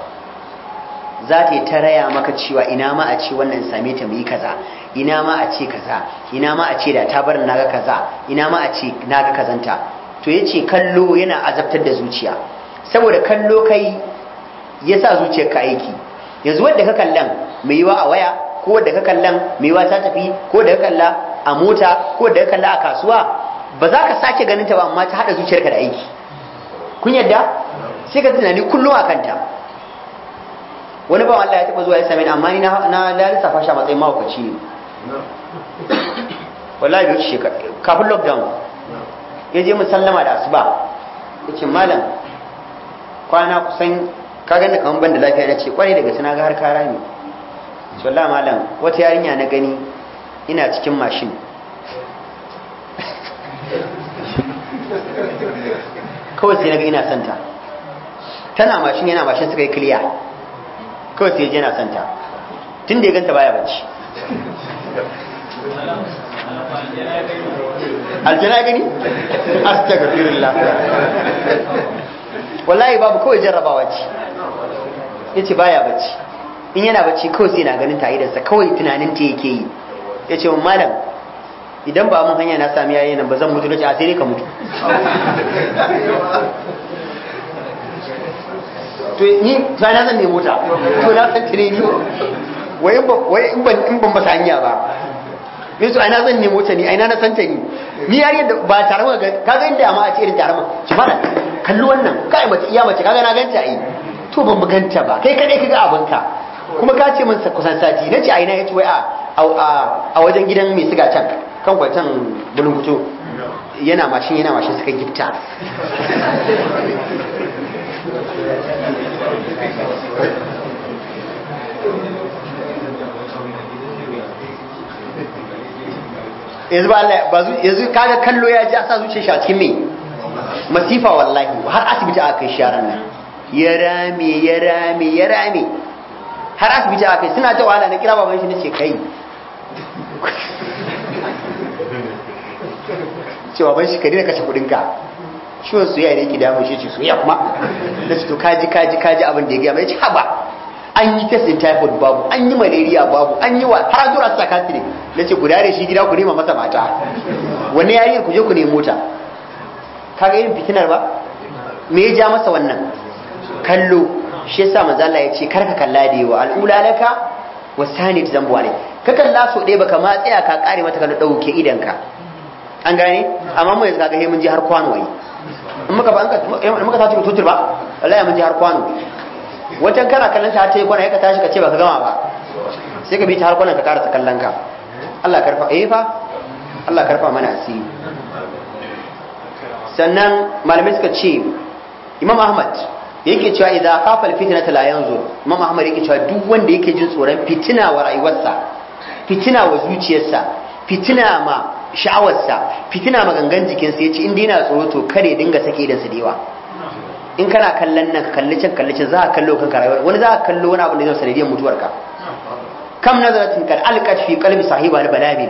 za ta yi taraya maka cewa ina ma a ce wannan same ta yi kaza ina ma a ce kaza ina ma a ce da ta bar naga kaza ina ma a ce naga kazanta to yace kallo yana azabtar da zuciya saboda kallo kai ya yasa zuciyarka aiki yanzu wanda ka kallan mai yiwa a waya ko wanda ka kallan mai yiwa ta tafi ko da ka kalla a mota ko da ka kalla a kasuwa ba za ka sake ganin ta ba amma ta hada zuciyarka da aiki kun yadda sai ka tunani kullum a kanta wani ba Allah ya taba zuwa ya same ni amma ni na na lissafa shi a matsayin mawakaci ne wallahi bai wuce kafin lockdown ya je mu sallama da asuba yace malam kwana kusan ka ganda kamar banda lafiya na ce daga suna ga har kara ne wallahi malam wata yarinya na gani ina cikin mashin kawai sai naga ina santa tana mashin yana mashin suka yi kiliya kawai sai yana santa tun da ya ganta baya bacci aljana ya gani astagfirullah wallahi babu kawai ya ce baya bacci in yana bacci kawai sai na ganin ta idansa kawai tunanin ta yake yi ce malam idan ba mun hanya na sami yayin nan ba zan mutu kace a sai ka mutu to ni sai na zan ne mota to na san tire ni wai in ban in ban ba hanya ba ni to ai na zan ne mota ni ai na san ta ni ni yayin da ba tare ka kaga inda amma a ce irin tare ma ki fara kalli wannan kai mace iya mace kaga na ganta ai eh. to ban ganta ba kai kadai kaga ka. kuma ka ce min kusan sati nace ai na yace wai a a wajen gidan mai siga can kan kwaitan bulunkutu yana mashin yana mashin suka gifta yanzu ba Allah ba yanzu kaga kallo ya ji asa zuciya shi a cikin me masifa wallahi har asibiti aka kai shi yaran nan ya rame ya rame ya rame har asibiti aka kai suna ta wahala na kira baban shi nace kai cewa ban shi ka daina kashe kudin kuɗinka ciwon yi ne ki damu shi ce ya kuma na ce to kaji kaji kaji abin da ya gaya mai ce haba an yi testin typhoid babu an yi malaria babu an yi wa har zuwa psychiatry na ce guda da shi gida ku nema masa mata wani yari ku je ku ne mota kaga irin fitinar ba me ya ja masa wannan kallo shi yasa manzo Allah ya ce kar ka kalla da yawa al'ula laka wasani zambu alai ka kalla so dai baka ma tsaya ka kare mata kallo dauke idan ka an gane amma mu yanzu ga he mun ji har kwano yi in muka ba in muka tashi tutur ba wallahi mun ji har kwano wajen kana kallon ta tayi kwana ka tashi ka ce ba ka gama ba sai ka bi ta har kwana ka karasa kallon ka Allah karfa eh fa Allah karfa mana asiri sannan malamai suka ce Imam Ahmad yake cewa idan kafa fitina ta la yanzu Imam Ahmad yake cewa duk wanda yake jin tsoron fitina wa rayuwarsa fitina wa zuciyarsa fitina ma sha'awarsa fitina magangan jikinsa ya ce inda yana tsoro to kare dinga sake idan da dewa in kana kallon nan kalli can kalli can za ka kallo kanka rayuwar wani za ka kallo wani abu da zai sanadiyar mutuwarka kam nazaratin kal alqat fi qalbi sahiba al balabi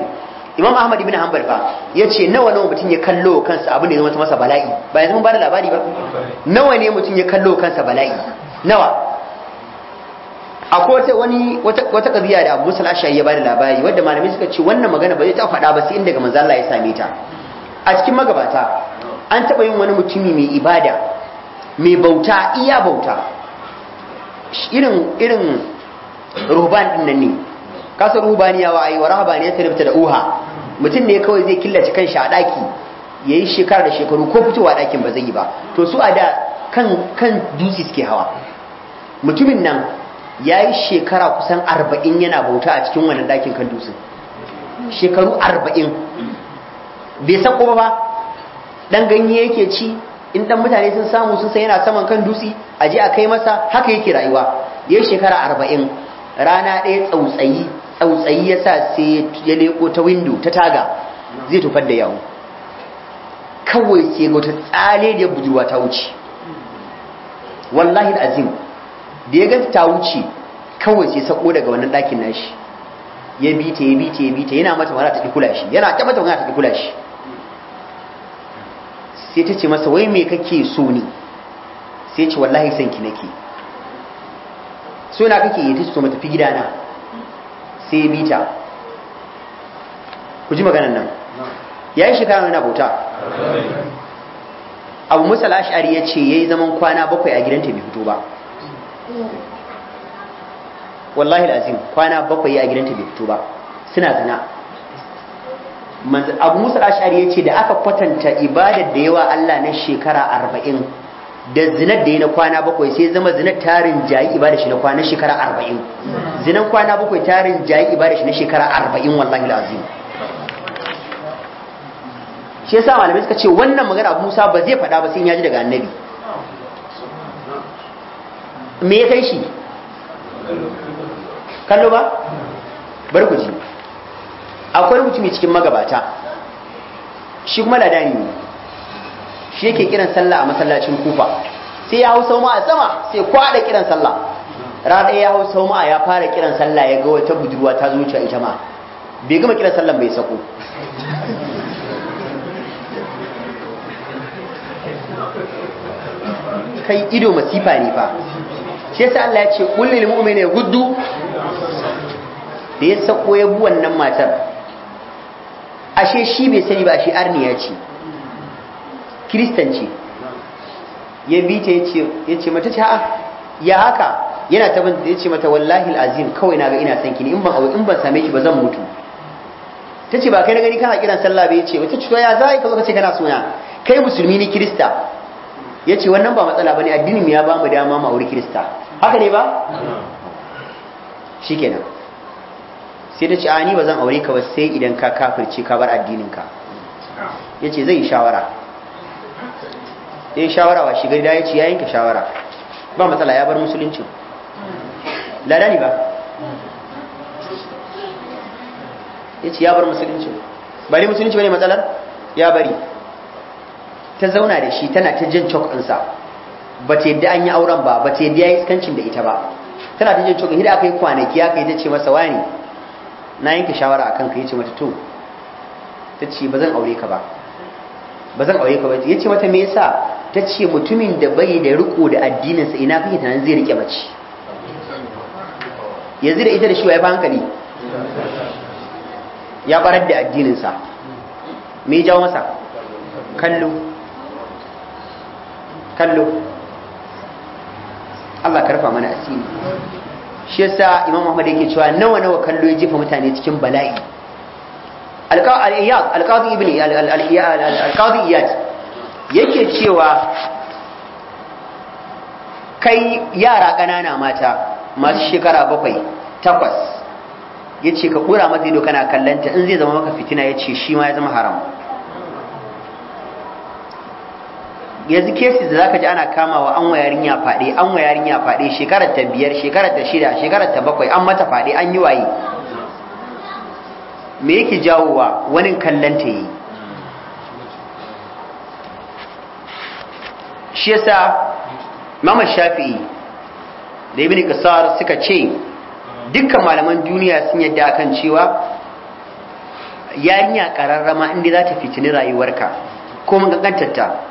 imam ahmad ibn hanbal fa yace nawa nawa mutum ya kallo kansa abu ne zama masa bala'i ba yanzu mun da labari ba nawa ne mutum ya kallo kansa bala'i nawa akwai wata wani wata kabiya da Abu Musa al-Ashari ya bada labari wanda malamai suka ce wannan magana ba zai ta faɗa ba sai inda ga manzo Allah ya same ta a cikin magabata an taɓa yin wani mutumi mai ibada mai bauta iya bauta irin irin ruhban din nan ne kasa ruhbaniyawa ai wa rahabaniya ta rubuta da uha mutum ne kawai zai killace kanshi a ɗaki yayi shekara da shekaru ko fitowa ɗakin ba zai yi ba to su a da kan kan dutse suke hawa mutumin nan ya yi shekara kusan arba'in yana bauta a cikin wannan dakin kan dutsen shekaru arba'in bai san kuma ba Ɗan ganye yake ci in ɗan mutane sun samu sun san yana saman kan dutse a je a kai masa haka yake rayuwa ya yi shekara arba'in rana ɗaya tsautsayi tsautsayi ya sa sai ya leko ta windo ta taga zai tufar da yawo kawai sai ga tsale da budurwa ta wuce wallahi da azim da ya ganta ta wuce kawai sai sako daga wannan ɗakin nashi ya bi ta ya bi ta ya bi ta yana mata magana ta kula shi yana ta mata magana ta kula shi sai ta ce masa wai me kake so ne sai ce wallahi san ki nake so na kake yi ta ce to mata fi gidana sai ya bi ta ku ji maganar nan ya yi shekara yana bauta abu musa ash'ari ya ce ya yi zaman kwana bakwai a gidanta bai fito ba wallahi azim kwana bakwai a gidanta bai fito ba suna zina abu musa ashari ya ce da aka kwatanta ibadar da yawa allah na shekara arba'in da zinar da yi na kwana bakwai sai zama zinar tarin jayi ibada shi na kwana shekara arba'in zinar kwana bakwai tarin jayi ibada shi na shekara arba'in wallahi azim shi yasa malamai suka ce wannan magana abu musa ba zai faɗa ba sai ya ji daga annabi me ya kai shi kallo ba bar ku ji akwai mutumi cikin magabata shi kuma ladani ne shi yake kiran sallah a masallacin kufa sai ya hau sauma a sama sai kwada kiran sallah rana ya hau sauma ya fara kiran sallah ya ga wata budurwa ta zuciya ita ma bai gama kiran sallah bai sako kai ido masifa ne fa shi yasa Allah ya ce kullil mu'mini guddu da ya sako ya bu wannan matar ashe shi bai sani ba shi arniya ce kiristanci ya bi ta ya ce mata ta ya haka yana ta bin ya ce mata wallahi azim kawai na ga ina son ki ne in ban aure in ban same ki ba zan mutu ta ce ba kai na gani kana kiran sallah ba ya ce wata cuta ya zai ka zo ka ce kana suna kai musulmi ne kirista ya ce wannan ba matsala ba ne addinin ya ba mu dama ma wuri kirista haka ne ba shi kenan sai ta ce a ni ba zan aure ka ba sai idan ka kafirce ka bar addininka ya ce zai shawara ya yi shawara wa shigar da ya ce ya yanke shawara ba matsala ya bar musuluncin lada ne ba ya ce ya bar musuluncin ba ne musulunci ba ne matsalar ya bari ta zauna da shi tana ta jin cok ɗinsa ba ta yadda an yi auren ba ba ta yadda ya yi iskancin da ita ba tana ta jin cok hida aka yi kwanaki aka yi ta ce masa wani na yanke shawara kanka ya ce mata to ta ce ba zan aure ka ba ba zan aure ka ba ya ce mata me yasa ta ce mutumin da bai da riko da addininsa ina kake tunanin zai rike mace yanzu da ita da shi wa ya hankali ya barar da addininsa me ya jawo masa kallo kallo Allah karfa mana asiri shi yasa Imam Ahmad yake cewa nawa nawa kallo ya jefa mutane cikin bala'i al-Iyad al-Qadi ibn al Iyad yake cewa kai yara ƙanana mata masu shekara bakwai takwas yace ka ƙura mata ido kana kallanta in zai zama maka fitina yace shima shi ma ya zama haram yanzu kesi da zaka ji ana kamawa an wa yarinya fade an wa yarinya fade shekarar ta biyar shekarar ta shida shekarar ta bakwai an mata fade an yi waye me yake jawowa wani kallon ta yi shi yasa mama shafi'i da ibn qasar suka ce dukkan malaman duniya sun yadda akan cewa yarinya kararrama inda za ta fitini rayuwarka ko mun kankantarta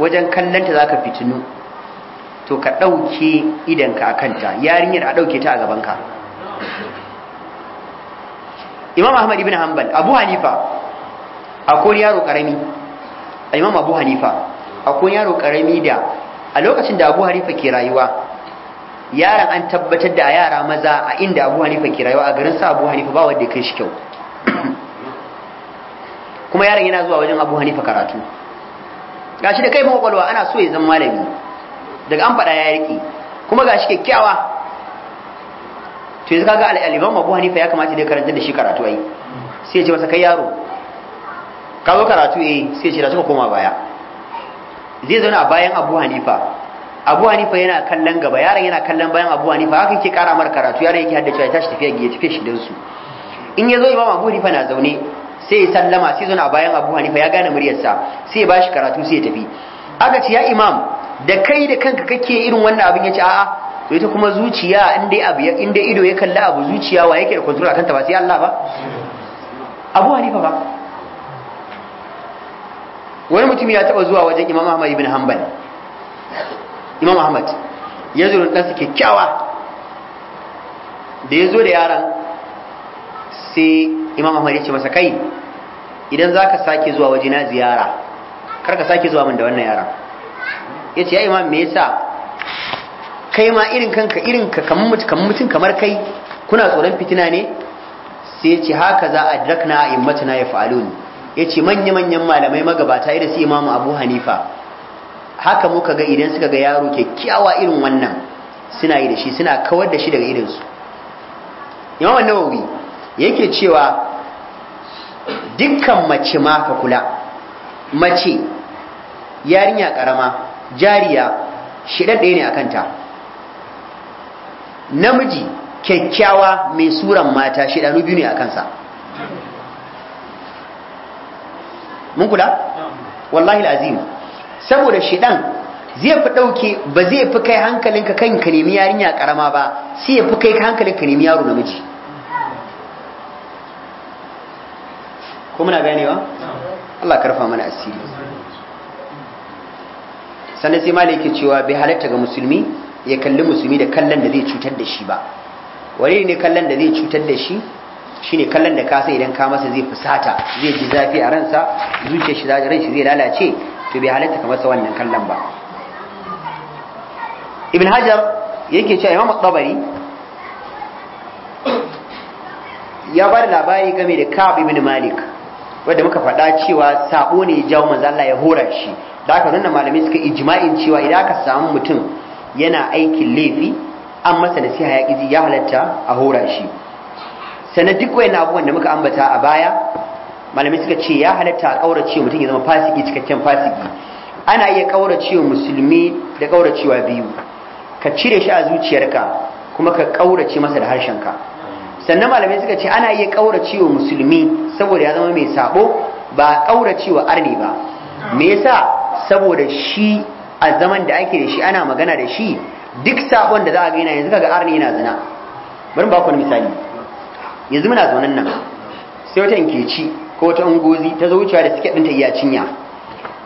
wajen kallanta za ka fitinu to ka ɗauke idanka a kanta yarinyar a ɗauke ta a gabanka imam ahmad ibn hanbal abu hanifa akwai yaro karami imam abu hanifa yaro karami da a lokacin da abu hanifa ke rayuwa yaran an tabbatar da yara maza a inda abu hanifa ke rayuwa a garin sa abu hanifa ba wanda ya kai shi kyau [COUGHS] kuma yaron yana zuwa wajen abu hanifa karatu gashi da kai ma kwakwalwa ana so ya zama malami daga an faɗa ya riƙe kuma gashi kyakkyawa to yanzu kaga al'aliman abu hanifa ya kamata dai karanta da shi karatu ai sai ya ce masa kai yaro ka zo karatu eh sai ya ce da suka koma baya zai zauna a bayan abu hanifa abu hanifa yana kallon gaba yaron yana kallon bayan abu hanifa haka yake kara mar karatu yaron yake haddace ya tashi tafiya ya tafi shi dan su in ya zo imam abu hanifa na zaune sai ya sallama sai zauna a bayan Abu Hanifa ya gane muryarsa sai ya bashi karatu sai ya tafi aka ce ya imam da kai da kanka kake irin wannan abin yace a'a to ita kuma zuciya in dai abu ya in dai ido ya kalli abu zuciya wa yake da kontrol akan ta ba sai Allah ba Abu Hanifa ba wani mutum ya taba zuwa wajen Imam Ahmad ibn Hanbal Imam Ahmad ya zo da su kyakkyawa da ya zo da yaran sai Imam Ahmad ya ce masa kai idan za ka sake zuwa waje na ziyara kar ka sake zuwa min da wannan yaran ya ce ya imam me yasa kai ma irin kanka irin ka kamar mutum kamar mutum kamar kai kuna tsoron fitina ne sai ce haka za a dakna a na ya fa'alun ya ce manya-manyan malamai magabata irin su imamu abu hanifa haka muka ga idan suka ga yaro kyakkyawa irin wannan suna yi da shi suna kawar da shi daga irinsu imam nawawi yake cewa dukkan mace ma ka kula mace yarinya karama jariya ɗaya ne a ta namiji kyakkyawa mai suran mata shidanu biyu ne a kansa mun kula wallahi lazim saboda shidan zai fi ɗauke ba zai fi kai hankalinka kan ka nemi yarinya karama ba sai ya fi kai hankalinka nemi yaro namiji ko muna ganewa Allah karfa mana asiri sannan sai malai yake cewa bai halatta ga musulmi ya kalli musulmi da kallon da zai cutar da shi ba wani ne kallon da zai cutar da shi shine kallon da ka idan ka masa zai fusata zai ji zafi a ransa zuciyar shi ran ransa zai lalace to bai halatta ka masa wannan kallon ba ibn hajar yake cewa imam tabari ya bar labari game da ka'ab ibn malik wanda muka faɗa cewa sabo ne ya jawo manzo Allah ya hora shi da haka nan malamai suka ijma'in cewa idan aka samu mutum yana aikin laifi an masa nasiha ya kiji ya halatta a hora shi sannan duk wayan abubuwan da muka ambata a baya malamai suka ce ya halatta a kaurace mutum ya zama fasiki cikakken fasiki ana iya kaurace musulmi da kauracewa biyu ka cire shi a zuciyarka kuma ka kaurace masa da harshenka sannan malamai suka ce ana iya kaurace musulmi saboda ya zama mai sabo ba cewa arni ba me yasa saboda shi a zaman da ake da shi ana magana da shi duk sabon da za a ga yana yanzu kaga arni yana zina bari ba ku misali yanzu muna zaunan nan sai wata inkeci ko wata ungozi ta zo wucewa da suke ɗinta iya cinya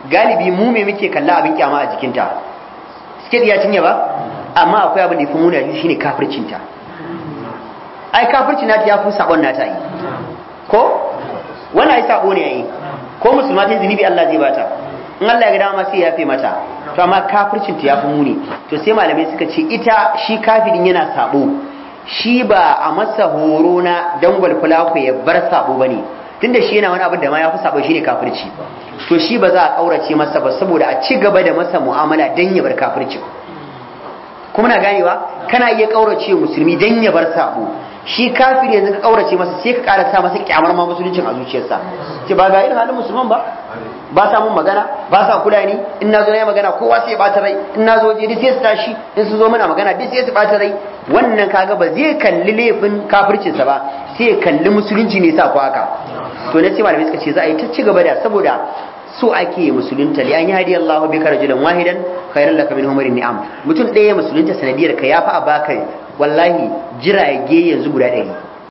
galibi mu me muke kalla abin kyama a jikinta suke iya cinya ba amma akwai abin da ya fi muna shi shine kafircinta ai kafirci nata ya fi sabon nata yi ko wala ai sabo ne yayi ko musulma musulmatin zunubi Allah zai bata in Allah ya ga dama sai ya fi mata to amma kafircin ta yafi muni to sai malamai suka ce ita shi kafirin yana sabo shi ba a masa horo na dangwal fulaku ya bar sabo bane tunda shi yana wani abu da ma ya fi sabo shine kafirci to shi ba za a kaurace masa ba saboda a ci gaba da masa mu'amala dan ya bar kafirci kuma na ganewa kana iya kaurace musulmi dan ya bar sabo shi kafir yanzu ka kaurace masa sai ka ƙara sa masa kyamar ma musuluncin a zuciyarsa ce ba ga irin halin musulman ba ba sa mun magana ba sa kula ni in na zo na yi magana kowa sai ya bata rai in na zo je sai su tashi in su zo mana magana duk sai su bata rai wannan kaga ba zai kalli laifin kafircinsa ba sai kalli musulunci ne sa ko haka to na ce malamai suka ce za a yi ta ci gaba da saboda so ake musulunta li an yahdi Allah bi karajulan wahidan khairan laka min umrin ni'am mutum ɗaya musulunta sanadiyar ka yafa a baka wallahi jirage yanzu guda ɗari